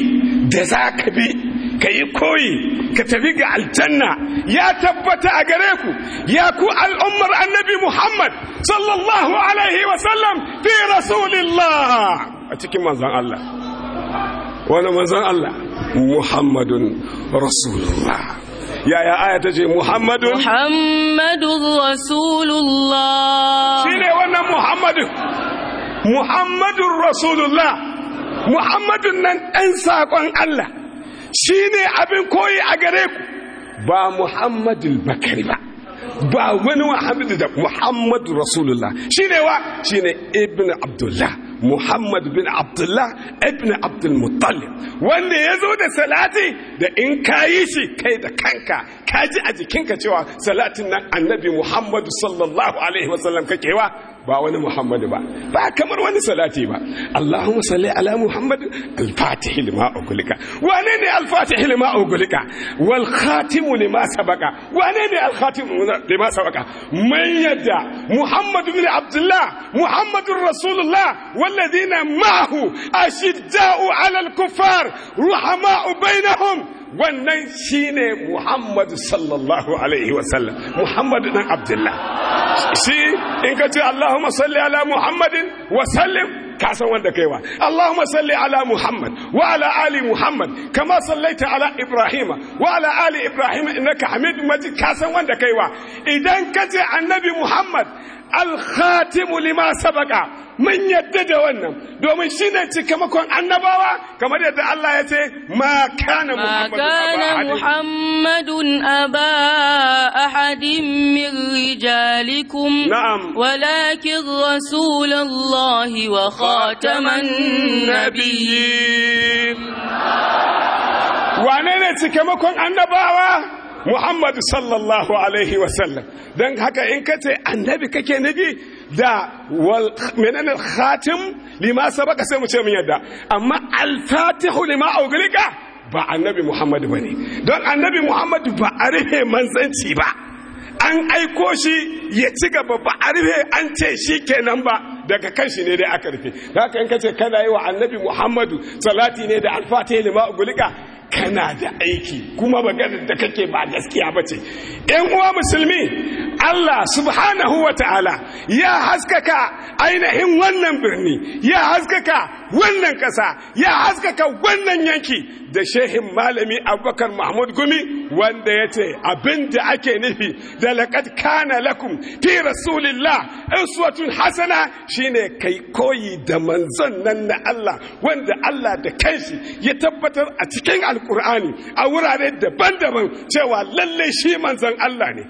H: da zaka bi ka yi koyi ka tafi ga aljanna ya tabbata a gare ku ya ku al'ummar annabi muhammad sallallahu alaihi wasallam fi rasulillah a cikin manzan Allah wani manzan Allah muhammadun rasulullah yaya aya ta ce muhammadu
G: muhammadu
H: rasulullah shi ne wannan muhammadu muhammadun rasulullah muhammadun nan ɗan saƙon Allah shi ne abin koyi a gare ku ba muhammadul bakari ba ba wani muhammadu da muhammadu rasulullah shi ne wa shi ne ibn abdullah muhammadu bin abdullah ibn abdulmuttalib wanda ya zo da salati da in kayi shi kai da kanka ka ji a jikinka cewa salatin nan annabi muhammadu sallallahu alaihi wasallam kake wa ba wani muhammadu ba ba kamar wani salati ba allahumma salli ala Muhammadu. al-fatih lima ugulika wane ne al-fatih lima ugulika wal khatim lima sabaka wane ne al-khatim lima sabaka man yadda Muhammadu ibn abdullah muhammadur rasulullah walladhina ma'ahu ashidda'u ala al-kuffar ruhama'u bainahum wannan shine Muhammadu sallallahu alaihi wasallam Muhammadu dan Abdullah shi in ka ce Allahumma salli ala Muhammadin wa sallim ka san wanda kaiwa Allahumma salli ala Muhammad wa ala ali Muhammad kama sallaita ala Ibrahim wa ala ali Ibrahim innaka Hamid Majid ka san wanda wa? idan ka ce Annabi Muhammad alkhatimu lima sabaka mun yadda da wannan domin ne cikamakon annabawa kamar yadda Allah ya ce ma kana
G: muhammadun aba ahadin min rijalikum na'am walakin rasulullahi wa khataman
H: nabiyyin wane ne cikamakon annabawa Muhammad sallallahu alaihi wasallam don haka in kace annabi kake nabi da wal menene khatim lima sabaka sai mu ce mun yadda amma al-fatihu lima auglika ba annabi Muhammad bane don annabi Muhammad ba a rufe manzanci ba an aiko shi ya ci gaba ba a rufe an ce shi kenan ba daga kan shi ne dai aka rufe da haka in ka ce kana yi wa annabi muhammadu salati ne da alfata lima gulika kana da aiki kuma ba maganar da kake ba gaskiya ba ce yan uwa musulmi allah subhanahu wa ta'ala ya haskaka ainihin wannan birni ya haskaka wannan ƙasa ya haskaka wannan yanki da shehin malami abubakar mahmud gumi wanda ya ce abin da ake nufi da laƙad kana lakum fi rasulillah uswatun hasana shine kai koyi da manzon nan na Allah wanda Allah da kanshi ya tabbatar a cikin alkur'ani a wurare daban-daban cewa lalle shi manzon Allah ne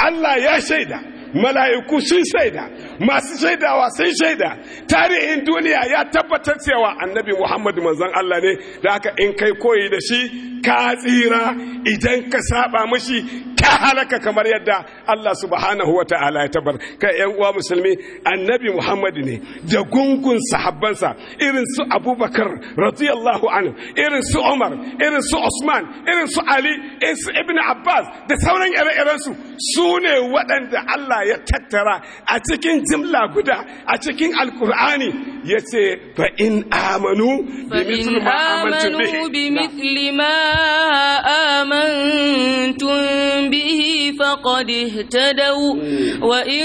H: Allah ya shaida mala'iku sun shaida masu shaidawa sun shaida tarihin duniya ya tabbatar cewa annabi muhammad manzon Allah ne da aka in kai koyi da shi ka tsira idan ka saba mashi ta halaka kamar yadda Allah subhanahu wa ta'ala ya tabar ka yan uwa musulmi annabi Muhammad ne da gungun sahabbansa irin su Abubakar radiyallahu anhu irin su Umar irin su Usman irin su Ali irin su Ibn Abbas da sauran ire-iren su su ne waɗanda Allah ya tattara a cikin jimla guda a cikin Alkur'ani ya ce fa in amanu bi
G: mithli ma amantum bihi به فقد اهتدوا وإن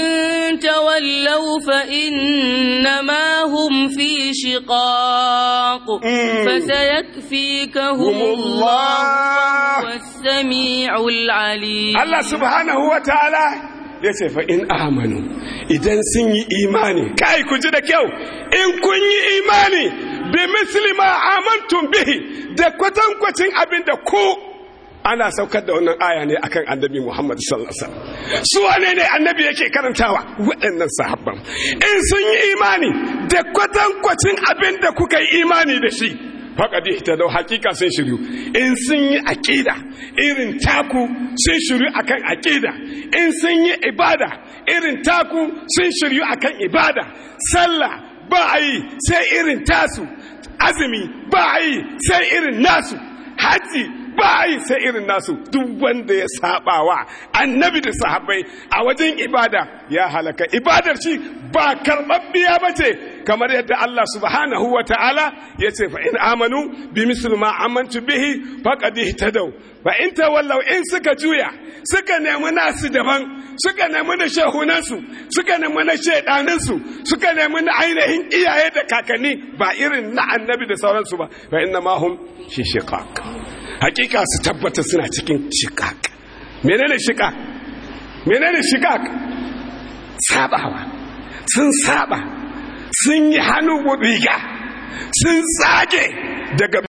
G: تولوا فإنما هم في شقاق فسيكفيكهم الله والسميع العليم الله سبحانه
H: وتعالى ya ce fa in amanu idan sun yi imani kai ku ji da kyau in kun yi imani bi muslima amantum bihi da kwatankwacin abin da ku ana saukar da wannan aya ne akan annabi Muhammad sallallahu alaihi wasallam su wane ne annabi yake karantawa waɗannan sahabban in sun yi imani da kwatankwacin abin da kuka yi imani da shi ita da haƙiƙa sun shiryu in sun yi aƙida irin taku sun shiryu akan aƙida in sun yi ibada irin taku sun shiryu akan ibada sallah ba a yi sai irin tasu azumi ba a yi sai irin nasu haji bayi sai irin nasu duk wanda ya sabawa annabi da sahabbai a wajen ibada ya halaka ibadar shi ba karɓaɓɓiya ba ce kamar yadda Allah subhanahu wa ta'ala ya ce fa in amanu bi mislu ma amantu bihi faqad ihtadaw fa in tawallaw in suka juya suka nemi nasu daban suka nemi na shehunansu suka nemi na shedaninsu suka nemi na ainihin iyaye da kakanni ba irin na annabi da sauransu ba fa inna ma hum shi hakika su tabbata suna cikin shikak menene shikak menene shikak sabawa sun saba sun yi hannu
D: riga sun tsage daga